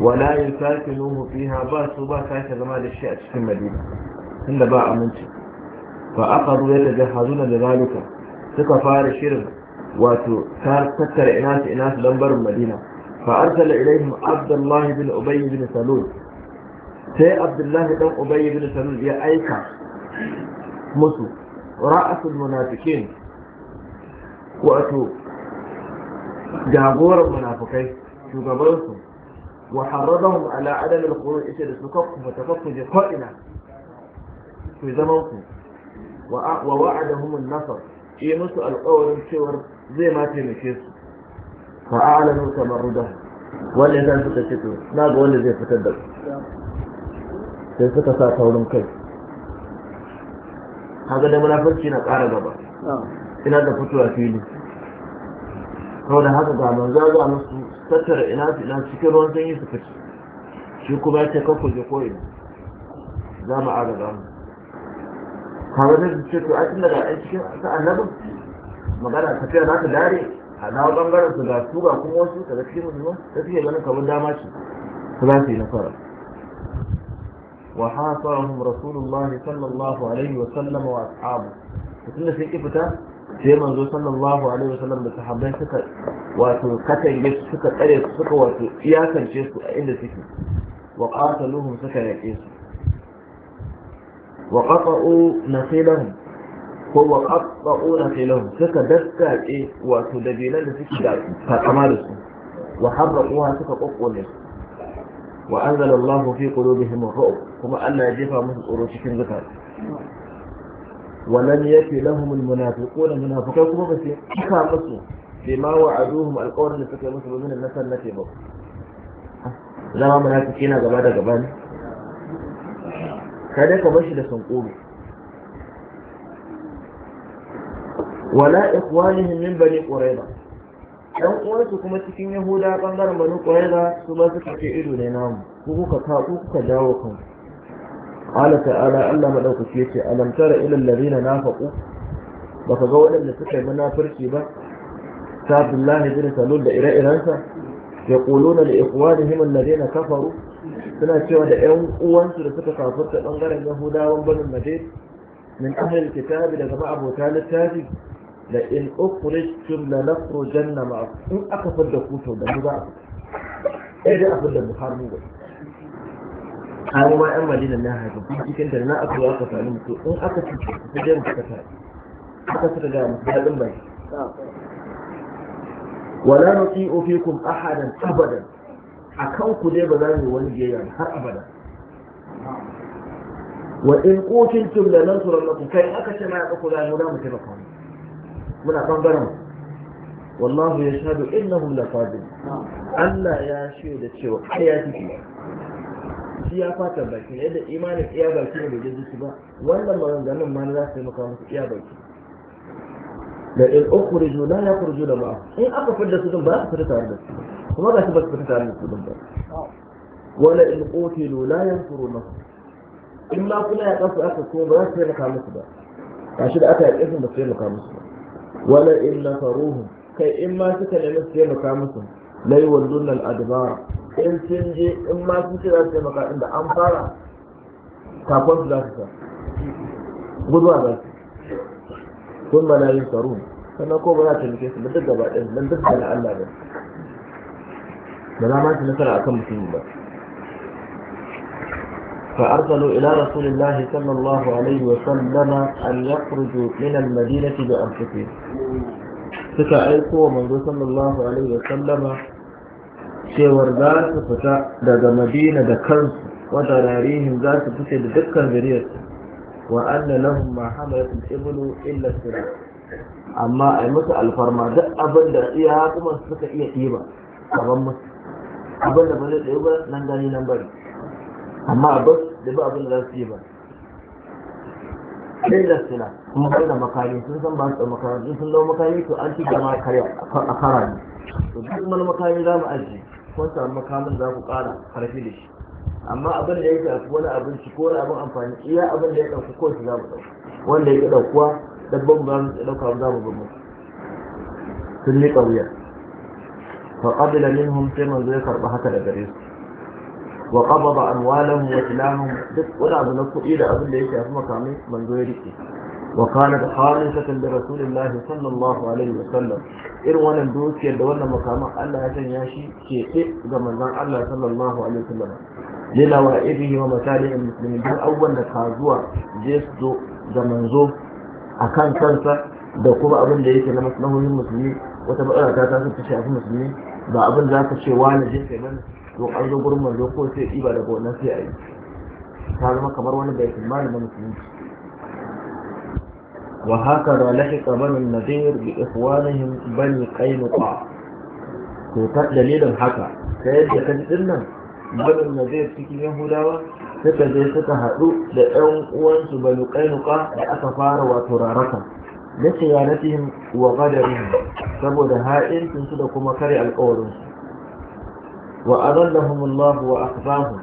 wala yusakinuhu fiha ba su ba sake zama da shi a cikin madina tunda ba aminci fa aqadu yatajahazuna da zalika suka fara shirin wato tattara ina su ina su dan barin madina fa arsala ilaihim abdullahi bin ubay bin salul sai abdullahi dan ubay bin salul ya aika musu رأس المنافقين وأتو جابور المنافقين شو قبلتهم وحرضهم على عدم الخروج إلى التكفف وتفقد قائلا في زمنكم ووعدهم النصر إيه مسوا قول شور زي ما تمشيس فأعلنوا تمردهم والإنسان فتشتوا ما قول زي فتدك زي suka sa kaga da munafarci na ƙara gaba ina da fitowa fili kawai da haka ga manzo ga musu tattara ina su ina cikin ruwan sanyi su fice shi kuma ya ce kan je ko ina za mu ga mu kaga da cikin to a tun daga a cikin ta annabi magana tafiya na ta dare a dawo bangaren su ga su ga kuma wasu daga cikin musulman Ta fiye ganin kamar dama ce su za su yi nasara وحاصرهم رسول الله صلى الله عليه وسلم وأصحابه mutum da sai ki fita sai manzo sallallahu alaihi wasallam da sahabbai suka wato katange su suka tsare su suka wato iyakance su a inda suke wa qataluhum suka yake su wa qata'u nasilahum ko wa qata'u nasilahum suka daskake wato dabilan da suke da takama da su wa harraquha suka kokkone su wa anzalallahu fi qulubihim ar kuma Allah ya jefa musu tsoro cikin ba ولم يكن لهم المنافقون ma كما بس كفاهم بما وعدوهم القول اللي فكر مثل من التي بقى زما منافقين gaba da gaba ne kada ka bashi da sankuru wala ikhwanihim min bani quraiba dan uwansu kuma cikin yahuda bangaren banu qurayza su ba suka ce ido ne namu ku kuka ka ku kuka dawo kan ala ta'ala Allah madaukaki yace alam tara ilal ladina nafaqu baka ga waɗanda suka yi munafurci ba ta Abdullahi bin Salul da ire-irensa quluna li ikhwanihim alladhina kafaru suna cewa da ƴan uwansu da suka kafirta bangaren yahudawan banu madin min ahli alkitab daga ma'abota littafi la in ukhrijtum la nakhrujanna ma'akum in aka fadda ku to da mu za a eh da abin da buhari ne har ma yan madina na haifa kuma cikin da na aka zo aka sami to in aka ci ku je mu ka ta aka suka ga mu dadin bai wala nuti'u fikum ahadan abadan akan ku dai ba za mu wani biyayya har abada wa in qutiltum la nansura lakum kai aka ce ma ya ku za mu da mu taimaka muna bangaren wallahu ya shahadu innahum fadin. Allah ya da cewa ya take shi ya fata baki ne da imanin iya baki ne bai jiji ba wannan maganganun ma za su maka masu iya baki da in na ya kurju da ma in aka fidda su din ba su fita tare da su kuma ga su ba su fita tare da su din ba wala in qutilu la na. in ma kula ya kasu aka ko ba za su taimaka musu ba shi da aka yi kafin ba su taimaka musu ba wala in nafaruhum kai in ma suka nemi su taimaka musu lai wallun al'adabara in sun je in ma sun ce za su taimaka inda an fara Kakon su za su sa guduwa za su kun mana yin tsaro sannan ko ba za ta nufe su ba duk gaba ɗin nan duk da na Allah ba ba za ma su nasara a kan mutum ba فأرسلوا إلى رسول الله صلى الله عليه وسلم أن يخرجوا من المدينة بأنفسهم suka aiko wa manzo sallallahu alaihi wa sallama cewar za su fita daga madina da kansu wata rarihin za su fice da dukkan zuriyarsu wa anna lahum ma hamalat al-iblu illa sura amma ai musu alfarma duk abin da iya kuma suka iya ɗiba kaman musu abin da ba zai ɗaya ba nan gani nan bari amma a bas da ba abin da za su yi ba sai da suna kuma kai da makami sun san ba su da makami sun dau makami to an ci gama a kara ne to duk wani makami za mu aji kun samu makamin za ku kara karfi da shi amma abin da ya shafi wani abinci ko wani abin amfani iya abin da ya ɗauki ko shi za mu ɗau wanda ya ɗaukuwa dabban ba mu ɗauka za mu mu sun liƙa wuya fa qabila minhum sai manzo ya karɓi haka daga gare su wa qabada amwalahum wa tilahum duk wani abu na kuɗi da abin da ya shafi makamai manzo ya rike wa kanat khalisatan li rasulillah sallallahu alaihi wa sallam irin wannan dokiyar da wannan makaman Allah ya sanya shi ke ga manzon Allah sallallahu alaihi wa sallam lila wa ibihi wa masalihil muslimin duk abubuwan da ka zuwa je ga manzo akan kansa da kuma abin da yake na musulmi wata matsala ta ta shafi musulmi ba abin za ka ce wani to an zo gurin manzo ko sai iba da wannan sai a yi ta zama kamar wani bai kimani na musulunci wa haka da lahiqa na zai bi ikhwanihim bani qainuqa to ta dalilin haka ta yadda kan dinnan banu nadir cikin yahudawa suka je suka haɗu da 'yan uwansu bani qainuqa da aka fara wato raraka da tiyanatihim wa gadarin saboda ha'intinsu da kuma kare alkawarinsu وأذلهم الله وأخباهم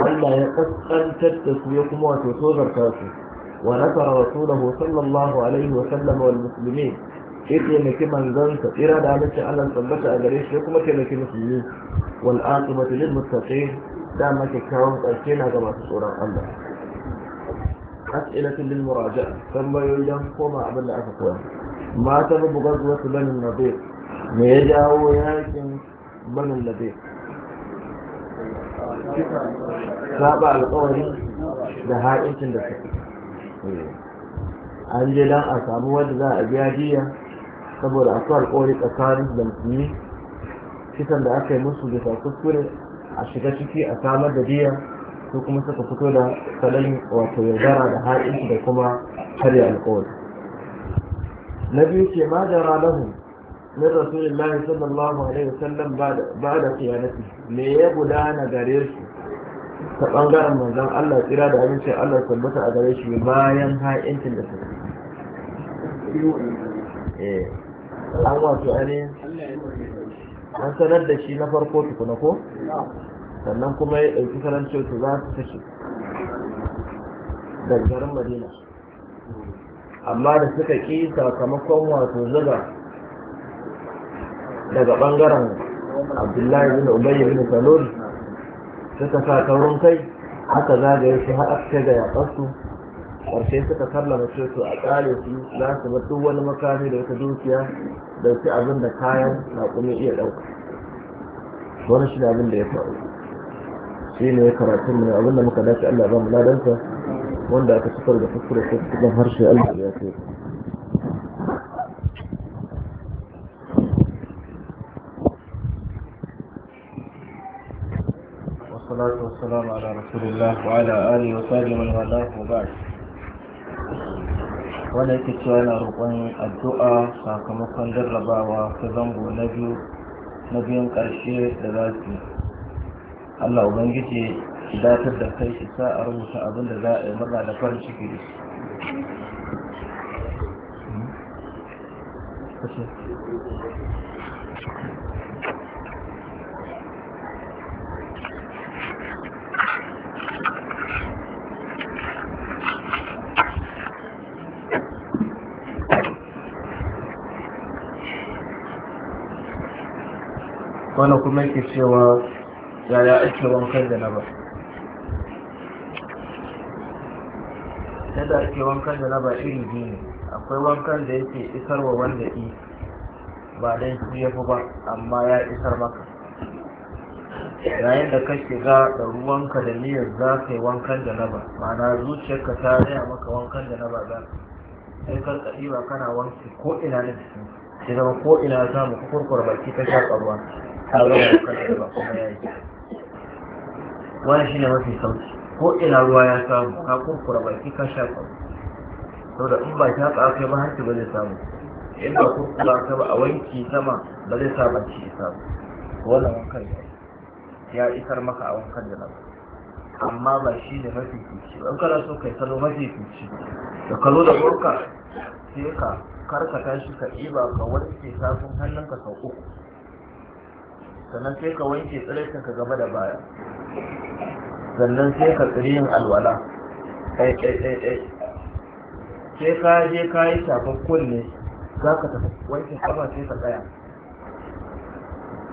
ألا أن تتس يكم وتتوذر كاسو ونصر رسوله صلى الله عليه وسلم والمسلمين إذن من ذنك إرادة عليك أن الثبت أدريش لكم كمك مسلمين والآقبة للمتقين دامك كون تأكينها كما تشعر الله أسئلة للمراجعة ثم يلقوا قوم بل أفقوا ما سبب غزوة بني النبي ما يجاو ياكم بني النبي saba alƙawari da ha'incin da suke an je don a samu wanda za a biya jiya saboda a akwai alƙawari tsakanin da musulmi kisan da aka yi musu bisa kuskure a shiga ciki a samar da jiya su kuma suka fito da salon wato yaudara da ha'inci da kuma karya alƙawari na biyu ke ma jara lahun من رسول الله صلى الله عليه وسلم بعد بعد ya gudana gare shi ta bangaren manzon Allah tsira da amincin Allah tabbata a gare shi bayan ha'incin da suka eh, an sanar da shi na farko tukuna ko sannan kuma ya ɗauki sanar za su kashe da garin madina amma da suka ƙi sakamakon wato zuba daga bangaren abdullahi bin ubayy bin salul suka sa taurin kai aka zagaye shi har aka ga yaƙarsu ƙarshe suka kallama ce su a ƙare su za su bar duk wani makami da wata dukiya da su abin da kayan kuma iya ɗauka wani shi abin da ya faru shi ne ya karatu mai abin da muka dace Allah ba mu ladanta wanda aka cikar da fuskura ta cikin harshe Allah ya ce والصلاة والسلام على رسول الله وعلى آله وصحبه من والاه وبعد wanda yake cewa yana roƙon addu'a sakamakon jarrabawa ta zango na biyu na biyan ƙarshe da za su Allah Ubangiji datar da kai shi sa a rubuta abin da za a yi murna da farin ciki da shi. wani kuma ke cewa yaya ake wankan ba? yadda ake wankan ba iri biyu ne akwai wankan da yake isarwa wanda yi ba don shi ya fi ba amma ya isar maka yayin da ka shiga da ruwanka da niyyar za ka yi wankan ba, ma'ana zuciyarka ta raya maka wankan da na ba za ka sai kan kaɗi ba kana wanki ko ina na jikin sai zama ko ina za mu kurkura baki ta shaƙa ruwa wani shi ne mafi sauki ko ina ruwa ya samu ka kurkura baki ka sha kwa da in ba ta haka aka yi ba hanci ba zai samu in ba kurkura aka ba a wanki sama ba zai sa baki ya samu wannan wankan ya isar maka a wankan da nasu amma ba shi ne mafi fici ba kana so kai salo mafi fici da kalo da burka sai ka karkata shi ka iba ka wanke safin hannunka sau uku sannan sai ka wanke tsiraitin ka gaba da baya sannan sai ka tsiri yin alwala ɗai ɗai ɗai ɗai sai ka je ka yi shafar kunne za ka tafi wanke kama sai ka tsaya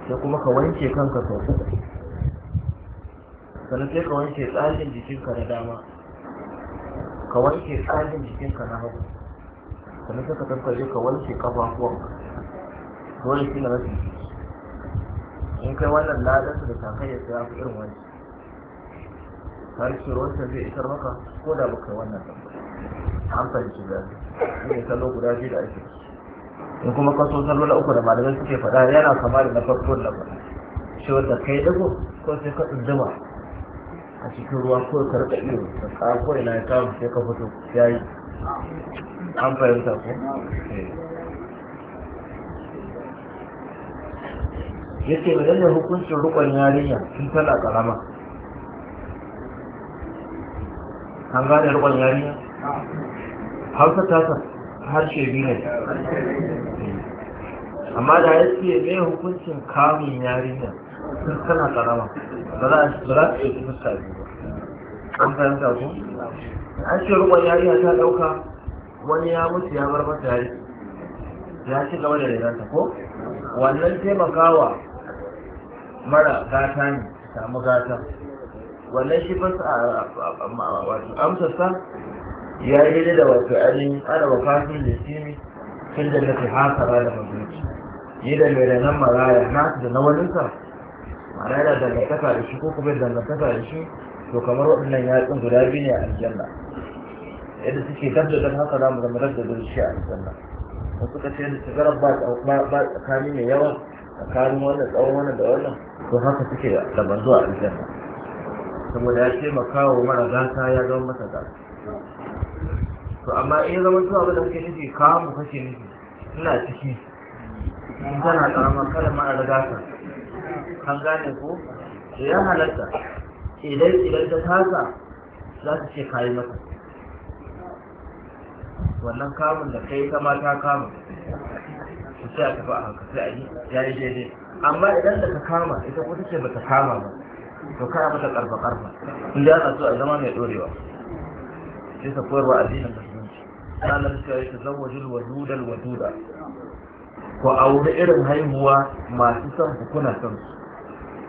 sai kuma ka wanke kanka sau uku sannan sai ka wanke tsarin jikinka na dama ka wanke tsarin jikinka na hagu sannan sai ka tafi ka ka wanke kafafuwanka dole shi na rashin jiki in kai wannan ladan da da kai sai ku irin wani Har karshe ta zai isar maka ko da baka wannan an fahimci da shi ne salo guda biyu da ake in kuma kaso salo na uku da malamai suke faɗa yana kama da na farko da ba shi wanda kai dago ko sai ka tsunduma a cikin ruwa ko ka rika iyo ka kawo ko ina ya kawo sai ka fito yayi an fahimta ko eh. ya ce mai ne hukuncin rukun yarinya sun tana karama an gane rukun yarinya hausa ta harshe biyu ne amma da ya ce mai hukuncin kamun yarinya sun tana karama ba za su ɗauki fuska biyu an fahimta ko an ce rukun yarinya ta ɗauka wani ya mutu ya bar masa yari ya ci gaba da renanta ko wannan taimakawa mara gata ne samu gata wannan shi ba wasu amsarsa ya yi da wato ainihin ana wa kafin da ne tun da nake hasara da mazuci yi da mai da nan maraya na da na waninsa ma'ana yana dangantaka da shi ko kuma dangantaka da shi to kamar waɗannan yatsun guda biyu ne a aljanna yadda suke dab da dan haka za mu zama dab da zuciya a aljanna wasu ka ce da shigarar ba tsakani mai yawa tsakanin wannan tsawon wannan da wannan to haka suke da manzo a aljanna saboda ya ce makawo mara gata ya zama masa gata to amma in zama su abin da suke nufi kawo mu kashe nufi ina ciki in tana karama kada mara gata kan gane ko ya halatta idan idan ta kasa za ta ce kayi mata wannan kamun da kai ta mata kamun to sai a tafi a haka sai a yi ya yi daidai amma idan da ka kama ita ko take ba ta kama ba to kana mata karfa karfa in da ana so a zama mai dorewa sai ta koyarwa addinin musulunci ana nan cewa ta zawajul wadudal waduda ko aure irin haihuwa masu son hukuna kuna son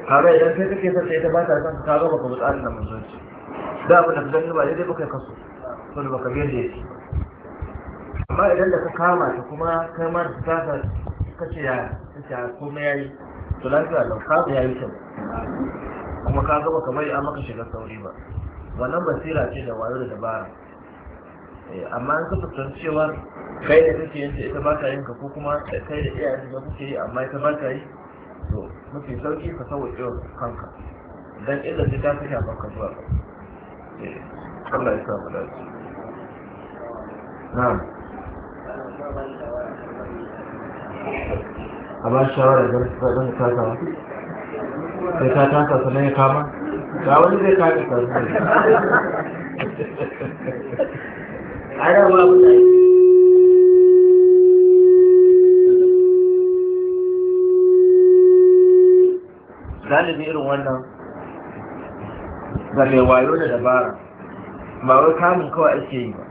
su kaga idan kai kake son sai ta ba ta son ka ga baka mutsarin da manzonci da abin da ka gani ba daidai baka kaso to da ka biyar da yake amma idan da ka kama ta kuma kai ma da ta kace ya kace kuma yayi to lafiya lau ka ga yayi kyau kuma ka gaba kamar an maka shiga sauri ba wannan basira ce da wayo da dabara eh, amma an ka fuskanci cewa kai da kake yin ita ba ka yin ka ko kuma kai da iyayen da kake yi amma ita ba ka yi to mafi sauki ka sauwaƙe wa kanka dan illa sai ta fi shafar ka zuwa eh, Allah ya sa mu dace na'am a ba shawara da zan kasa wa sai ka tasa sannan ya kama ga wani zai kasa sannan a da ba mu galibi irin wannan ga mai wayo da dabara ba wai kamun kawai ake yi ba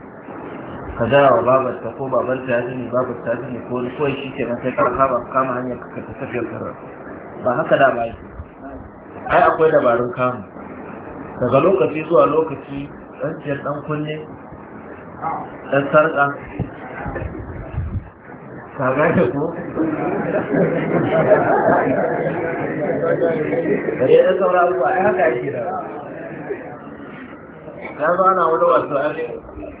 ka da wa babarta ko yi ya sani babarta ya sani ko kawai shi ke nan sai ka kama kama hanyar ka ta tafiyar karar ba haka da ba yake ai akwai dabarun kamu daga lokaci zuwa lokaci dan ciyar ɗan kunne ɗan sarƙa ka gane ko da ya saura abubuwa ai haka yake da ya zo ana wani wasu ne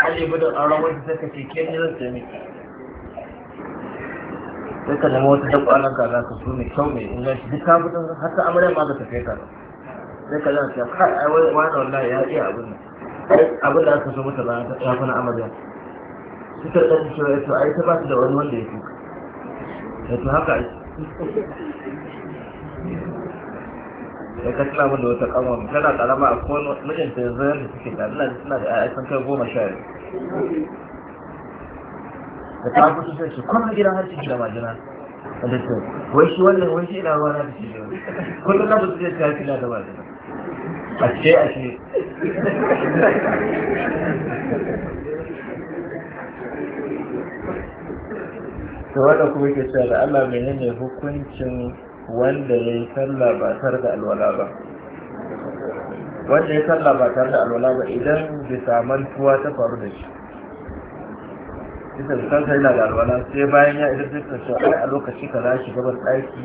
hali gudun auren wata ta ce ke ne zan sami sai ka nemi wata dabba nan ka za ka so mai kyau mai inganci duk ka fitin har ta amurai ma ka tafi ka sai ka zan ce kai ai wani wallahi ya iya abin nan abin da aka so mata ba ya fi na amarya suka ɗan cewa to ai ta ba da wani wanda ya fi ya to haka ai ya ka tuna mun da wata kama mu tana karama a kowane mijinta yanzu yadda suke da Allah suna da ayyakan sun kai goma sha da ta fito sosai ce kuma gidan har cikin da majina a ta wai shi wannan wai shi ina ruwa na da shi kullum na mutu zai tafi na da majina a ce a ce to wanda kuma ke cewa da Allah menene hukuncin wanda ya yi sallah ba tare da alwala ba wanda ya sallah ba tare da alwala ba idan bisa mantuwa ta faru da shi bisa san sai na da alwala sai bayan ya idan sai ai a lokaci ka za shi gaban ɗaki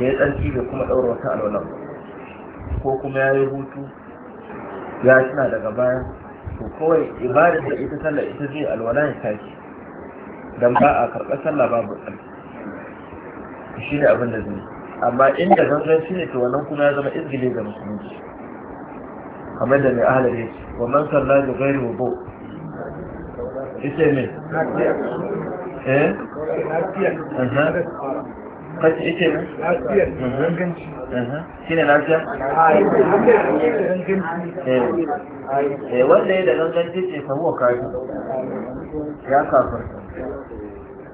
da ya tsarki da kuma ɗaura wata alwala ko kuma ya yi hutu ya tuna daga baya to kawai ibada da ita sallah ita zai alwala ya tashi dan ba a karɓar sallah babu tsarki shi ne abin da zai amma inda shi ne to wannan kuma ya zama izgile ga musulunci kamar da mai ahalar yake wa man salla da gairi wubo ita ne eh kaci ita ne ganganci shi ne lafiya eh. eh wanda ya da ganganci ce samuwa kafin ya kafin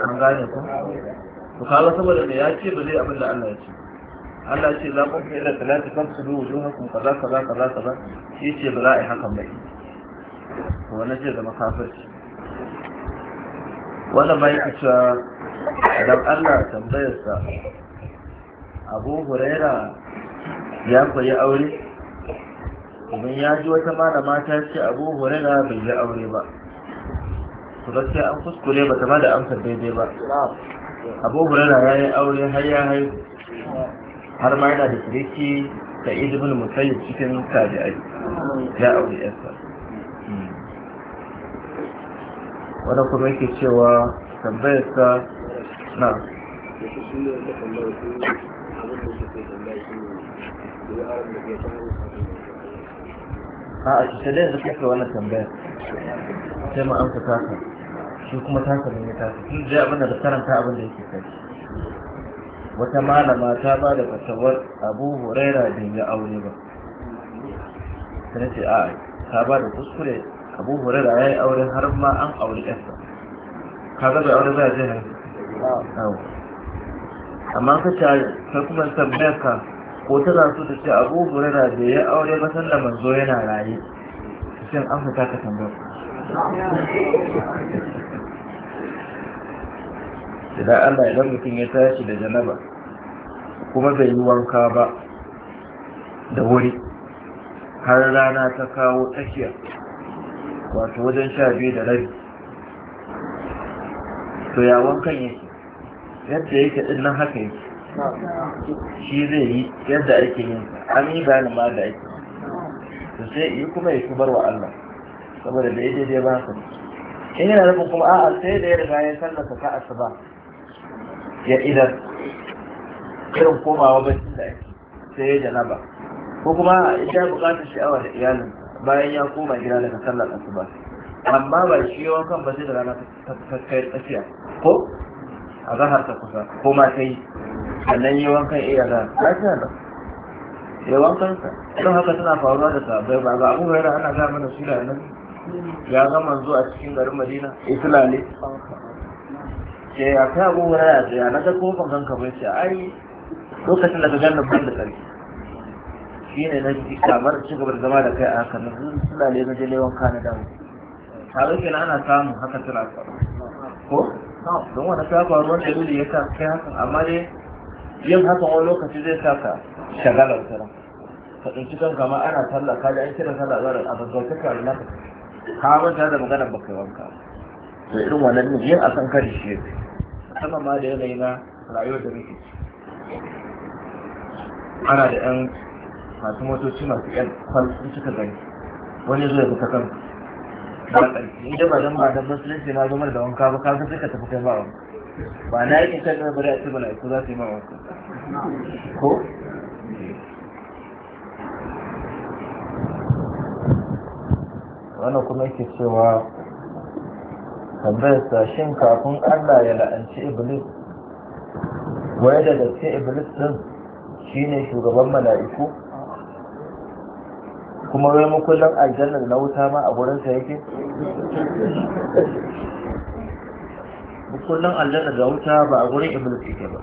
an gane ku to saboda me ya ce ba zai abin da Allah ya ce Allah ce za ku ila talati famsudu wujuhakum kaza kaza kaza kaza shi ce ba za a yi hakan ba to wannan ce zama kafirci wannan ma yake cewa dan Allah tambayarsa Abu Huraira ya koyi aure domin ya ji wata malama ta ce Abu Huraira bai yi aure ba to sai an kuskure ba ta ma da amsar daidai ba Abu Huraira ya yi aure har ya haihu har ma yana da tsirki da izinin musayyib cikin tabi'ai ya abu yasa hmm. wadda kuma yake cewa tambayar sa na a a cikin da zafi kake wannan tambayar sai ma taka shi kuma taka ne ya tasa tun zai abin da karanta abin da yake kai wata malama ta ba da fatawar abu huraira bai yi aure ba sai ce a ta ba da kuskure abu huraira ya yi aure har ma an aure yarsa ka ga bai aure ba ya zai amma ka ta kai kuma tambayar ka ko ta za su ta ce abu huraira bai yi aure ba sanda manzo yana raye shin an fita ka tambayar idan Allah idan mutum ya tashi da janaba kuma bai yi wanka ba da wuri har rana ta kawo tsakiya wato wajen sha biyu da rabi to ya wankan yake yadda yake din nan haka yake shi zai yi yadda ake yin an yi gani ma da ake to sai yi kuma ya kubar wa Allah saboda da ya daidai ba ka in yana nufin kuma a'a sai da ya riga ya sallaka ka asuba ya idan irin komawa bacci da ake sai ya janaba ko kuma ya bukatar sha'awa da iyalin bayan ya koma gida daga sallar asuba amma ba shi yawan kan ba zai da rana ta kai tsakiya ko a zahar ta kusa ko ma ta yi sannan yi wankan iya zahar lafiya da ya wankan don haka tana faruwa da sabai ba ga abu hurairar ana gama da nan ya zama zuwa cikin garin madina ne. ce ya kai abu ya ce ya na ga kofin hanka bai ce ai lokacin da ka gane ban da ƙarfi shi ne na ji kamar ci gaba da zama da kai a haka na suna ne na jelewan lewan ka na dawo tare ke ana samun haka tana faru ko don wani ta faru wanda yuri ya sa kai hakan amma dai yin hakan wani lokaci zai sa ka shagala wata ran ka ɗauki kan kama ana sallah ka ji an kira sallah zarar a gaggauta ka na ka manta da magana ba kai wanka to irin wannan yin akan kari shi yake musamman ma da yanayi na rayuwar da muke ana da yan masu motoci masu yan kwalfi suka gani wani zo ya fita kan ba ƙarfi inda ba don ba don musulunci na zama da wanka ba ka sai ka tafi kai ba wanka ba na yi kan da bari a ce mala'iku za su yi ma wanka ko wannan kuma yake cewa tambayarsa shin kafin Allah ya la'anci Iblis waye da gaske Iblis din shine shugaban mala'iku kuma wai makullin aljannar na wuta ma a gurinsa yake makullin aljannar da wuta ba a gurin Iblis yake ba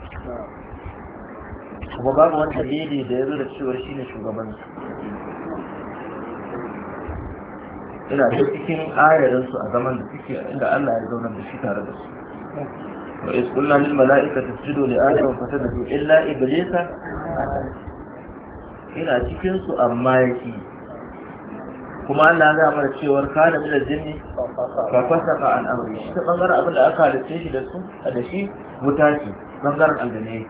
kuma babu wani dalili da ya zo da shi shine shugaban ina ta cikin ayarinsu a zaman da suke inda Allah ya zauna da shi tare da su wa is kullu lil malaika tasjudu li adam fa sajadu illa iblisa ina cikin su amma yake kuma Allah ya mana cewar da bil jinni fa fasaka an amri shi ta bangaren abin da aka halitta shi da su da shi mutaci ce bangaren aljanna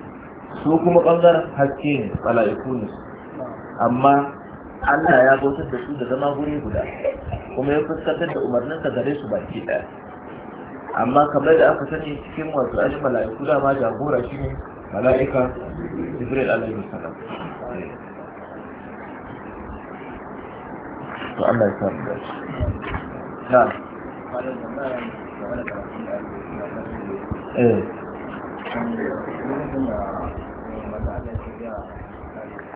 su kuma bangaren haske ne malaiku ne amma Allah ya bautar da su da zama guri guda kuma ya fuskantar da umarninka gare su baki ɗaya amma kamar da aka sani cikin wasu ajin mala'iku dama jagora shi ne mala'ika jibril alaihi salam to Allah ya da shi na eh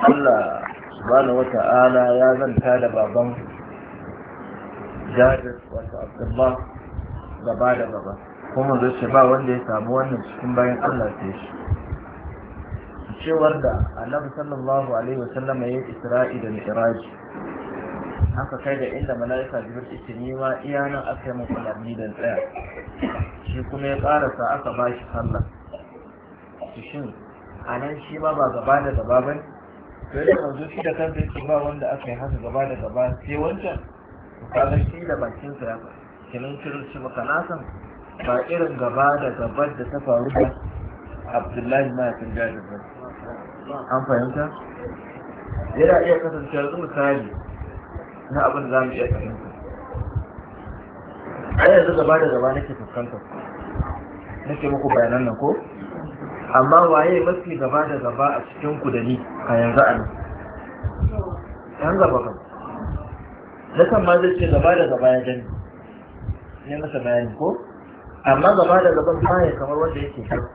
Allah subhanahu ta'ala ya zanta da baban jabir wato abdullah gaba da baba kuma zai ce ba wanda ya samu wannan cikin bayan Allah sai shi cewar da annabi sallallahu alaihi wa sallam ya isra'i da mi'raji haka kai da inda mala'ika jibril ita ni ma iya nan aka yi muku labni da tsaya shi kuma ya karasa aka ba shi sallah shin a nan shi ma ba gaba da gaba ba ne sai yanzu, shi da kansa yake ba wanda aka yi haka gaba da gaba sai wancan kaga shi da bakin sa kinin kirci maka nasan ba irin gaba da gaba da ta faru da Abdullahi ma ya tunja da ba an fahimta yana iya kasance yanzu misali na abin da za mu iya fahimta a yanzu gaba da gaba nake fuskanta nake muku bayanan nan ko amma waye mafi gaba da gaba a cikin ku da ni a yanzu a nan yan gaba kan na kan ma zai ce gaba da gaba ya gani ne masa bayani ko amma gaba da gaban baya kamar wanda yake kan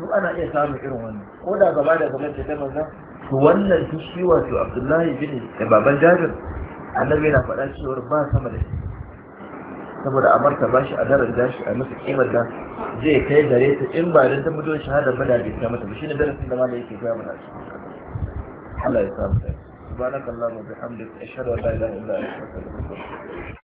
duk ana iya samun irin wannan ko da gaba da gaban ce ta manzan to wannan duk shi wato abdullahi bin baban jabir annabi yana faɗa cewar ba sama da shi saboda a martaba shi a daraja shi a masa kimar da zai kai gare ta in ba da ta mutu shahada ba da bisa mata shine darasin da malai yake ga mana shi Allah ya samu subhanakallahumma wa bihamdika ashhadu an la ilaha illa anta astaghfiruka wa atubu